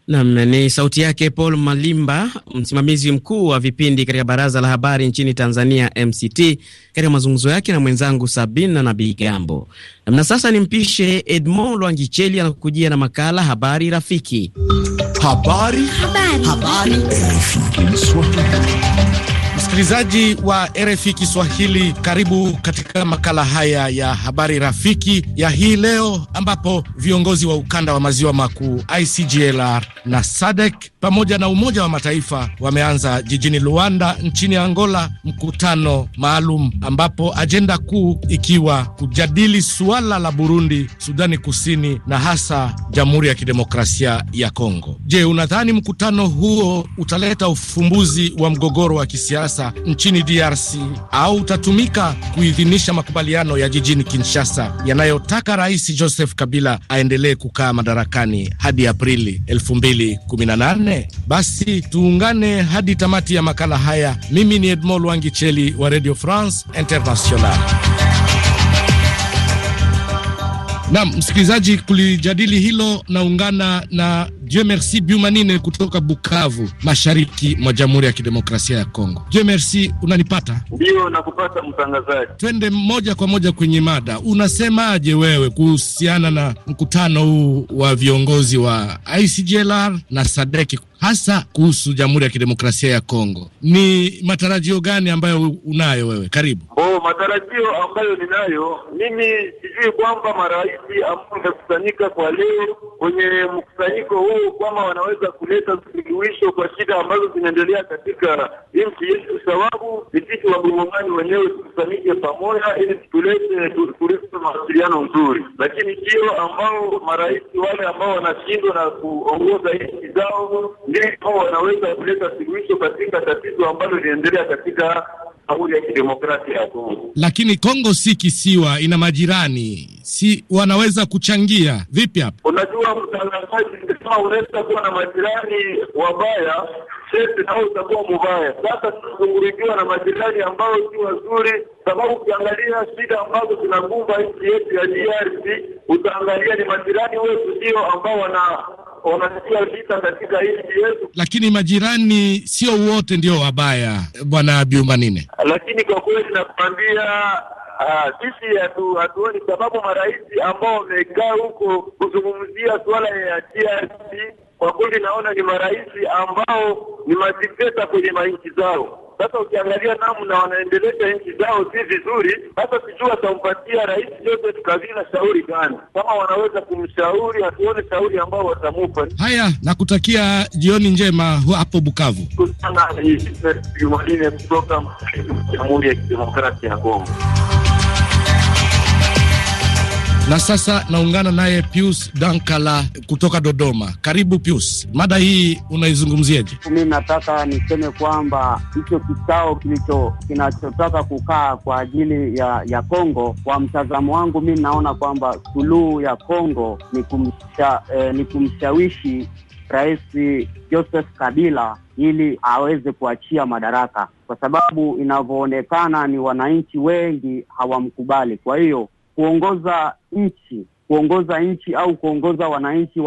Nam ni sauti yake Paul Malimba, msimamizi mkuu wa vipindi katika baraza la habari nchini Tanzania, MCT, katika mazungumzo yake na mwenzangu Sabina na Bigambo. Namna sasa ni mpishe Edmond Lwangicheli anakujia na makala habari rafiki. Habari. Habari. Habari. Habari. Msikilizaji wa RFI Kiswahili, karibu katika makala haya ya habari rafiki ya hii leo, ambapo viongozi wa ukanda wa maziwa makuu ICGLR na SADC pamoja na Umoja wa Mataifa wameanza jijini Luanda nchini Angola mkutano maalum, ambapo ajenda kuu ikiwa kujadili suala la Burundi, Sudani Kusini na hasa Jamhuri ya Kidemokrasia ya Kongo. Je, unadhani mkutano huo utaleta ufumbuzi wa mgogoro wa kisiasa Kinshasa nchini DRC au utatumika kuidhinisha makubaliano ya jijini Kinshasa yanayotaka Rais Joseph Kabila aendelee kukaa madarakani hadi Aprili 2018. Basi tuungane hadi tamati ya makala haya. Mimi ni Edmond Wangicheli wa Radio France International nam msikilizaji, kulijadili hilo naungana na Dieu Merci Biumanine kutoka Bukavu, mashariki mwa Jamhuri ya Kidemokrasia ya Kongo. Dieu Merci, unanipata? Ndio, nakupata mtangazaji. Twende moja kwa moja kwenye mada. Unasemaje wewe kuhusiana na mkutano huu wa viongozi wa ICJLR na Sadeki hasa kuhusu Jamhuri ya Kidemokrasia ya Kongo. Ni matarajio gani ambayo unayo wewe? Karibu. Oh, matarajio ambayo ninayo mimi sijui kwamba marais ambao wamekusanyika kwa leo kwenye mkusanyiko huu kwamba wanaweza kuleta suluhisho kwa shida ambazo zinaendelea katika nchi yetu, sababu vititi wagomomani wenyewe tukusanyike pamoja ili tulete kuleta mawasiliano nzuri, lakini sio ambao marais wale ambao wanashindwa na kuongoza nchi zao ndipo wanaweza kuleta suluhisho katika tatizo ambalo linaendelea katika Jamhuri ya Kidemokrasia ya Kongo. Lakini Kongo si kisiwa, ina majirani, si wanaweza kuchangia vipi hapa? Unajua mtangazaji, kama unaweza kuwa na majirani wabaya, sisi nao utakuwa mubaya. Sasa tunazungurukiwa na majirani ambao si wazuri, sababu ukiangalia shida ambazo zinakumba nchi yetu ya DRC, utaangalia ni majirani wetu ndio ambao wana wanatia vita katika nchi yetu, lakini majirani sio wote ndio wabaya, bwana Biumbanine. Lakini kwa kweli nakwambia ah, sisi hatuoni sababu marahisi ambao wamekaa huko kuzungumzia suala ya DRC kwa kweli naona ni marais ambao ni madikteta kwenye manchi zao. Sasa ukiangalia namna wanaendeleza nchi zao si vizuri. Sasa sijua atampatia rais Joseph Kabila shauri gani, kama wanaweza kumshauri, atuone shauri ambao watamupa. Haya, nakutakia jioni njema hapo Bukavu. kutoka Jamhuri ya Kidemokrasia ya Kongo. Na sasa naungana naye Pius Dankala kutoka Dodoma. Karibu Pius, mada hii unaizungumziaje? Mimi nataka niseme kwamba hicho kikao kilicho kinachotaka kukaa kwa ajili ya ya Kongo, kwa mtazamo wangu mi naona kwamba suluhu ya Kongo ni kumsha, eh, ni kumshawishi Rais Joseph Kabila ili aweze kuachia madaraka, kwa sababu inavyoonekana ni wananchi wengi hawamkubali. Kwa hiyo kuongoza nchi kuongoza nchi au kuongoza wananchi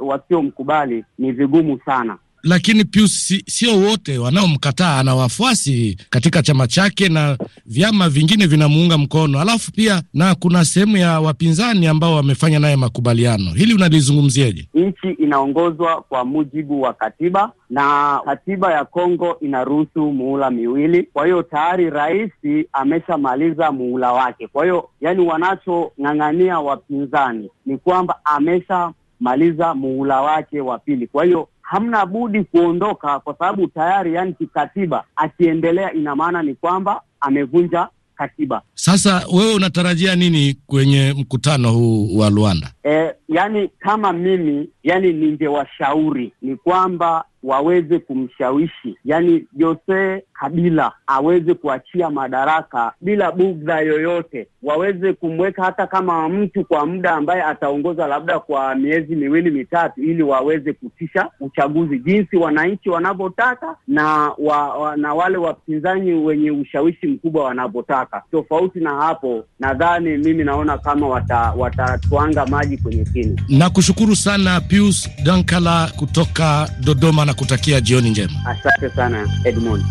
wasiomkubali wasio ni vigumu sana lakini Pius si, sio wote wanaomkataa. Ana wafuasi katika chama chake na vyama vingine vinamuunga mkono, alafu pia na kuna sehemu ya wapinzani ambao wamefanya naye makubaliano. Hili unalizungumziaje? Nchi inaongozwa kwa mujibu wa katiba na katiba ya Kongo inaruhusu muhula miwili. Kwa hiyo tayari rais ameshamaliza muhula wake. Kwa hiyo yani, wanachong'ang'ania wapinzani ni kwamba ameshamaliza muhula wake wa pili. Kwa hiyo hamna budi kuondoka, kwa sababu tayari, yani kikatiba, akiendelea ina maana ni kwamba amevunja katiba. Sasa wewe unatarajia nini kwenye mkutano huu wa Luanda? eh, yani kama mimi yani ningewashauri ni kwamba waweze kumshawishi yani Jose Kabila aweze kuachia madaraka bila bugdha yoyote, waweze kumweka hata kama mtu kwa muda ambaye ataongoza labda kwa miezi miwili mitatu, ili waweze kutisha uchaguzi jinsi wananchi wanavyotaka na wa, wa, na wale wapinzani wenye ushawishi mkubwa wanavyotaka. Tofauti na hapo, nadhani mimi naona kama watatwanga wata maji maji kwenye kinu. Nakushukuru sana Pius Dankala kutoka Dodoma na kutakia jioni njema. Asante sana Edmond.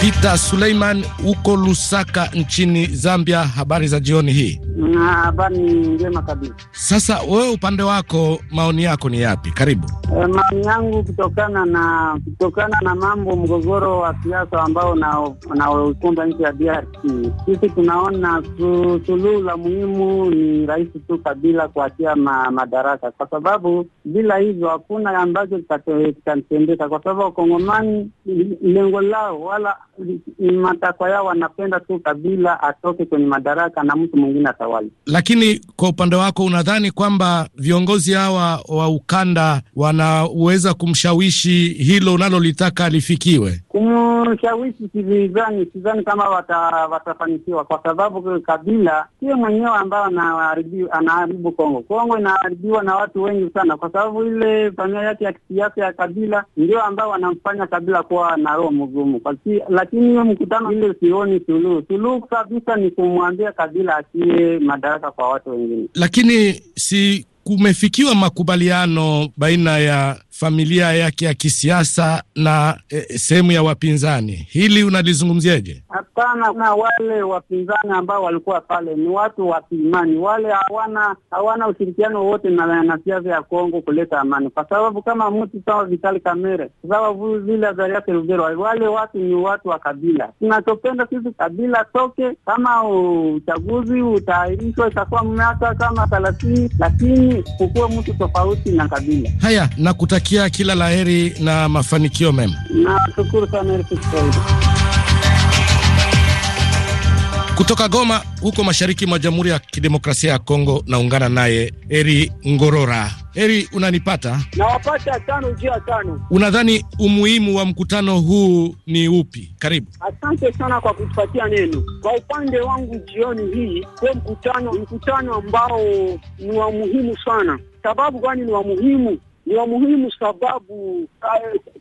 Peter Suleiman huko Lusaka nchini Zambia, habari za jioni hii? Habari ni njema kabisa. Sasa wewe upande wako maoni yako ni yapi? Karibu. E, maoni yangu kutokana na kutokana na mambo mgogoro wa siasa ambao unaokumba nchi ya DRC, sisi tunaona suluhu la muhimu ni rais tu Kabila kuachia ma, madaraka, kwa sababu bila hivyo hakuna ambacho kitatendeka, kwa sababu wakongomani lengo lao wala matakwa yao wanapenda tu Kabila atoke kwenye madaraka na mtu mwingine awali. Lakini kwa upande wako unadhani kwamba viongozi hawa wa ukanda wanaweza kumshawishi hilo unalolitaka lifikiwe? Kumshawishi sivizani sidhani kama wata, watafanikiwa kwa sababu Kabila sio mwenyewe ambayo anaharibu Kongo. Kongo inaharibiwa na watu wengi sana, kwa sababu ile familia yake ya kisiasa ya Kabila ndio ambao wanamfanya Kabila kuwa na roho mgumu. Lakini hiyo mkutano ile sioni suluhu. Suluhu kabisa ni kumwambia Kabila asiye madaraka kwa watu wengine. Lakini si kumefikiwa makubaliano baina ya familia yake ya kisiasa na e, sehemu ya wapinzani. Hili unalizungumziaje? Hapana, na wale wapinzani ambao walikuwa pale ni watu wa kiimani, wale hawana hawana ushirikiano wowote na, na siasa ya Kongo kuleta amani, kwa sababu kama mtu kama Vitali Kamere, kwa sababu vile Azarias Rugero, wale watu ni watu wa kabila. Tunachopenda sisi kabila toke, kama uchaguzi utaahirishwa itakuwa miaka kama thelathini, lakini kukuwa mtu tofauti na kabila. Haya, kutaki tunakutakia kila laheri na mafanikio mema. Nashukuru sana kutoka Goma huko mashariki mwa Jamhuri ya Kidemokrasia ya Kongo. Naungana naye Eri Ngorora. Eri, unanipata? Nawapata tano njia tano. Unadhani umuhimu wa mkutano huu ni upi? Karibu. Asante sana kwa kutupatia neno. Kwa upande wangu, jioni hii kwa mkutano, mkutano ambao ni wa muhimu sana. Sababu gani ni wa muhimu? ni wa muhimu, sababu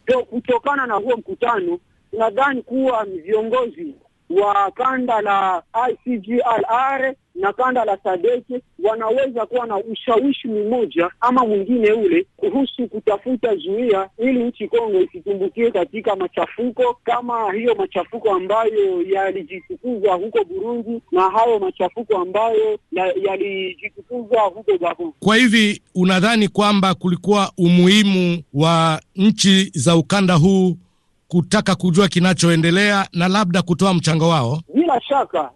eh, kutokana na huo mkutano tunadhani kuwa viongozi wa kanda la ICGLR na kanda la SADC wanaweza kuwa na ushawishi mmoja ama mwingine ule kuhusu kutafuta zuia ili nchi Kongo isitumbukie katika machafuko kama hiyo machafuko ambayo yalijitukuza huko Burundi na hayo machafuko ambayo yalijitukuza huko Gabon. Kwa hivi unadhani kwamba kulikuwa umuhimu wa nchi za ukanda huu kutaka kujua kinachoendelea na labda kutoa mchango wao? Bila shaka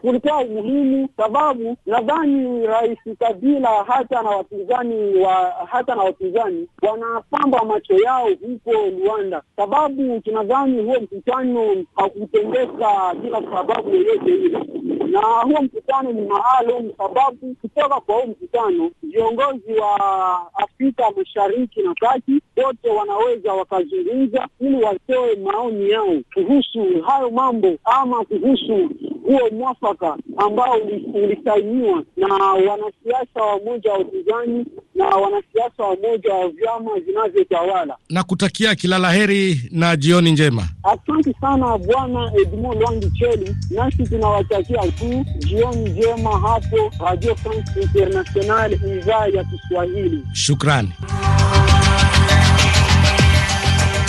kulikuwa umuhimu, sababu nadhani Rais Kabila hata na wapinzani wa hata na wapinzani wanapamba macho yao huko Luanda, sababu tunadhani huo mkutano hakutendeka bila sababu yoyote ile, na huo mkutano ni maalum, sababu kutoka kwa huo mkutano viongozi wa Afrika Mashariki na Kati wote wanaweza wakazungumza ili wase watoe maoni yao kuhusu hayo mambo ama kuhusu huo mwafaka ambao ulisainiwa na wanasiasa wa moja wa upinzani na wanasiasa wa moja wa vyama vinavyotawala. Na kutakia kila la heri na jioni njema. Asante sana Bwana Edmond Lwangi Cheli, nasi tunawatakia tu jioni njema hapo Radio France International, idhaa ya Kiswahili. Shukrani.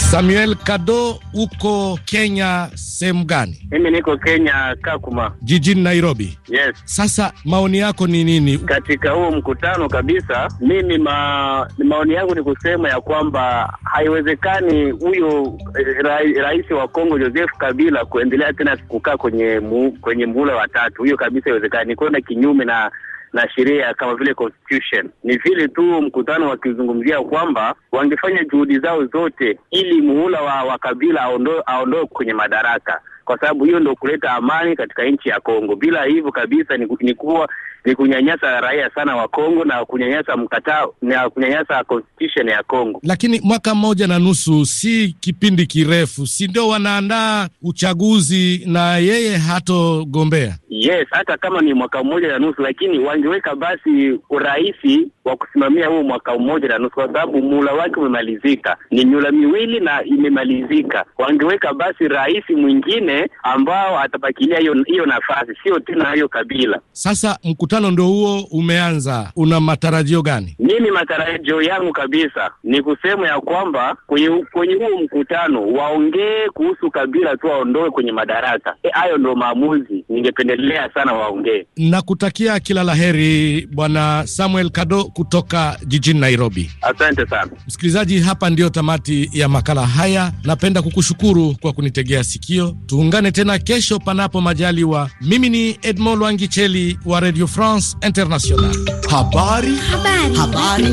Samuel Kado, uko Kenya sehemu gani? Mimi niko Kenya Kakuma, jijini Nairobi. Yes. Sasa maoni yako ni nini katika huo mkutano kabisa? Mimi ma, maoni yangu ni kusema ya kwamba haiwezekani huyo eh, ra, rais wa Kongo Joseph Kabila kuendelea tena kukaa kwenye mu, kwenye muhula wa tatu. Hiyo kabisa haiwezekani, ni kwenda kinyume na na sheria kama vile constitution. Ni vile tu mkutano wakizungumzia kwamba wangefanya juhudi zao zote ili muhula wa, wa Kabila aondoe aondo kwenye madaraka, kwa sababu hiyo ndio kuleta amani katika nchi ya Kongo. Bila hivyo kabisa ni, ni kuwa ni kunyanyasa raia sana wa Kongo na kunyanyasa mkataa na kunyanyasa constitution ya Kongo. Lakini mwaka mmoja na nusu si kipindi kirefu, si ndio wanaandaa uchaguzi na yeye hatogombea? Yes, hata kama ni mwaka mmoja na nusu, lakini wangeweka basi uraisi wa kusimamia huo mwaka mmoja na nusu, kwa sababu muhula wake umemalizika, ni miula miwili na imemalizika. Wangeweka basi rais mwingine ambao atapakilia hiyo nafasi, sio tena hiyo Kabila. Sasa mkutano ndo huo umeanza, una matarajio gani? Mimi matarajio yangu kabisa ni kusema ya kwamba kwenye kwenye huo mkutano waongee kuhusu Kabila tu, waondoe kwenye madaraka. E, hayo e, ndo maamuzi ningependelea sana waongee. Nakutakia kila laheri Bwana Samuel Kado kutoka jijini Nairobi. Asante sana msikilizaji, hapa ndiyo tamati ya makala haya. Napenda kukushukuru kwa kunitegea sikio. Tuungane tena kesho, panapo majaliwa. Mimi ni Edmond Lwangicheli wa Radio France International. Habari, habari, habari.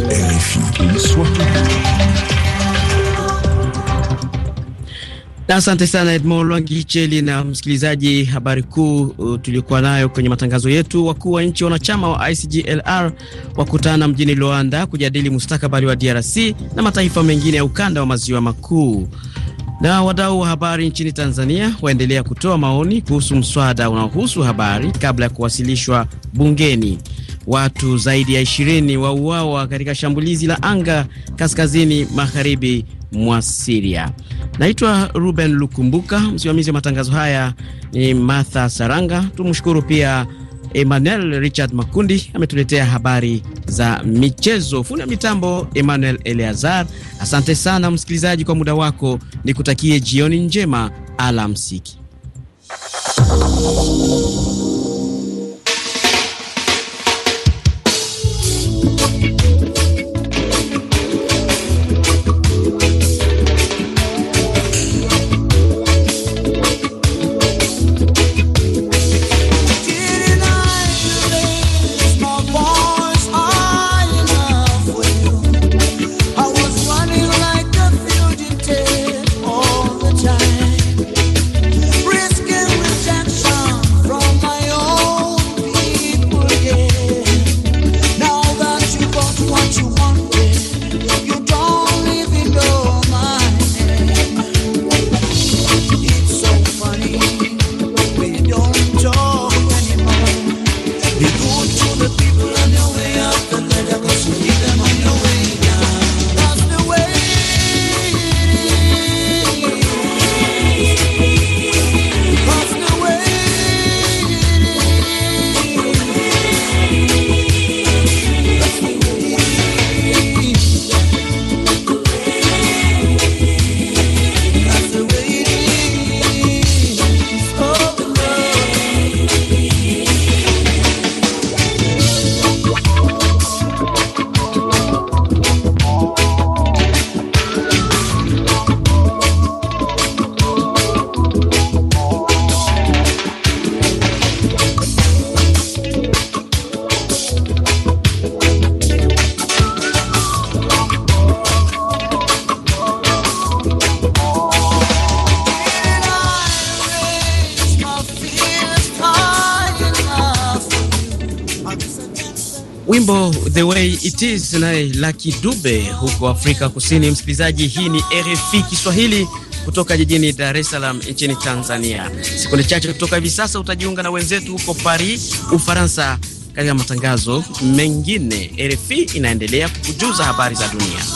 Na asante sana Edmond Lwangicheli. Na msikilizaji, habari kuu uh, tuliokuwa nayo kwenye matangazo yetu, wakuu wa nchi wanachama wa ICGLR wakutana mjini Luanda kujadili mustakabali wa DRC na mataifa mengine ya ukanda wa maziwa makuu. Na wadau wa habari nchini Tanzania waendelea kutoa maoni kuhusu mswada unaohusu habari kabla ya kuwasilishwa bungeni. Watu zaidi ya 20 wauawa katika shambulizi la anga kaskazini magharibi mwa Siria. Naitwa Ruben Lukumbuka, msimamizi wa matangazo haya ni Martha Saranga. Tumshukuru pia Emmanuel Richard Makundi ametuletea habari za michezo. Fundi wa mitambo Emmanuel Eleazar. Asante sana msikilizaji kwa muda wako, nikutakie jioni njema, alamsiki. Justice naye Lucky Dube huko Afrika Kusini. Msikilizaji, hii ni RFI Kiswahili kutoka jijini Dar es Salaam nchini Tanzania. Sekunde chache kutoka hivi sasa utajiunga na wenzetu huko Paris, Ufaransa, katika matangazo mengine. RFI inaendelea kukujuza habari za dunia.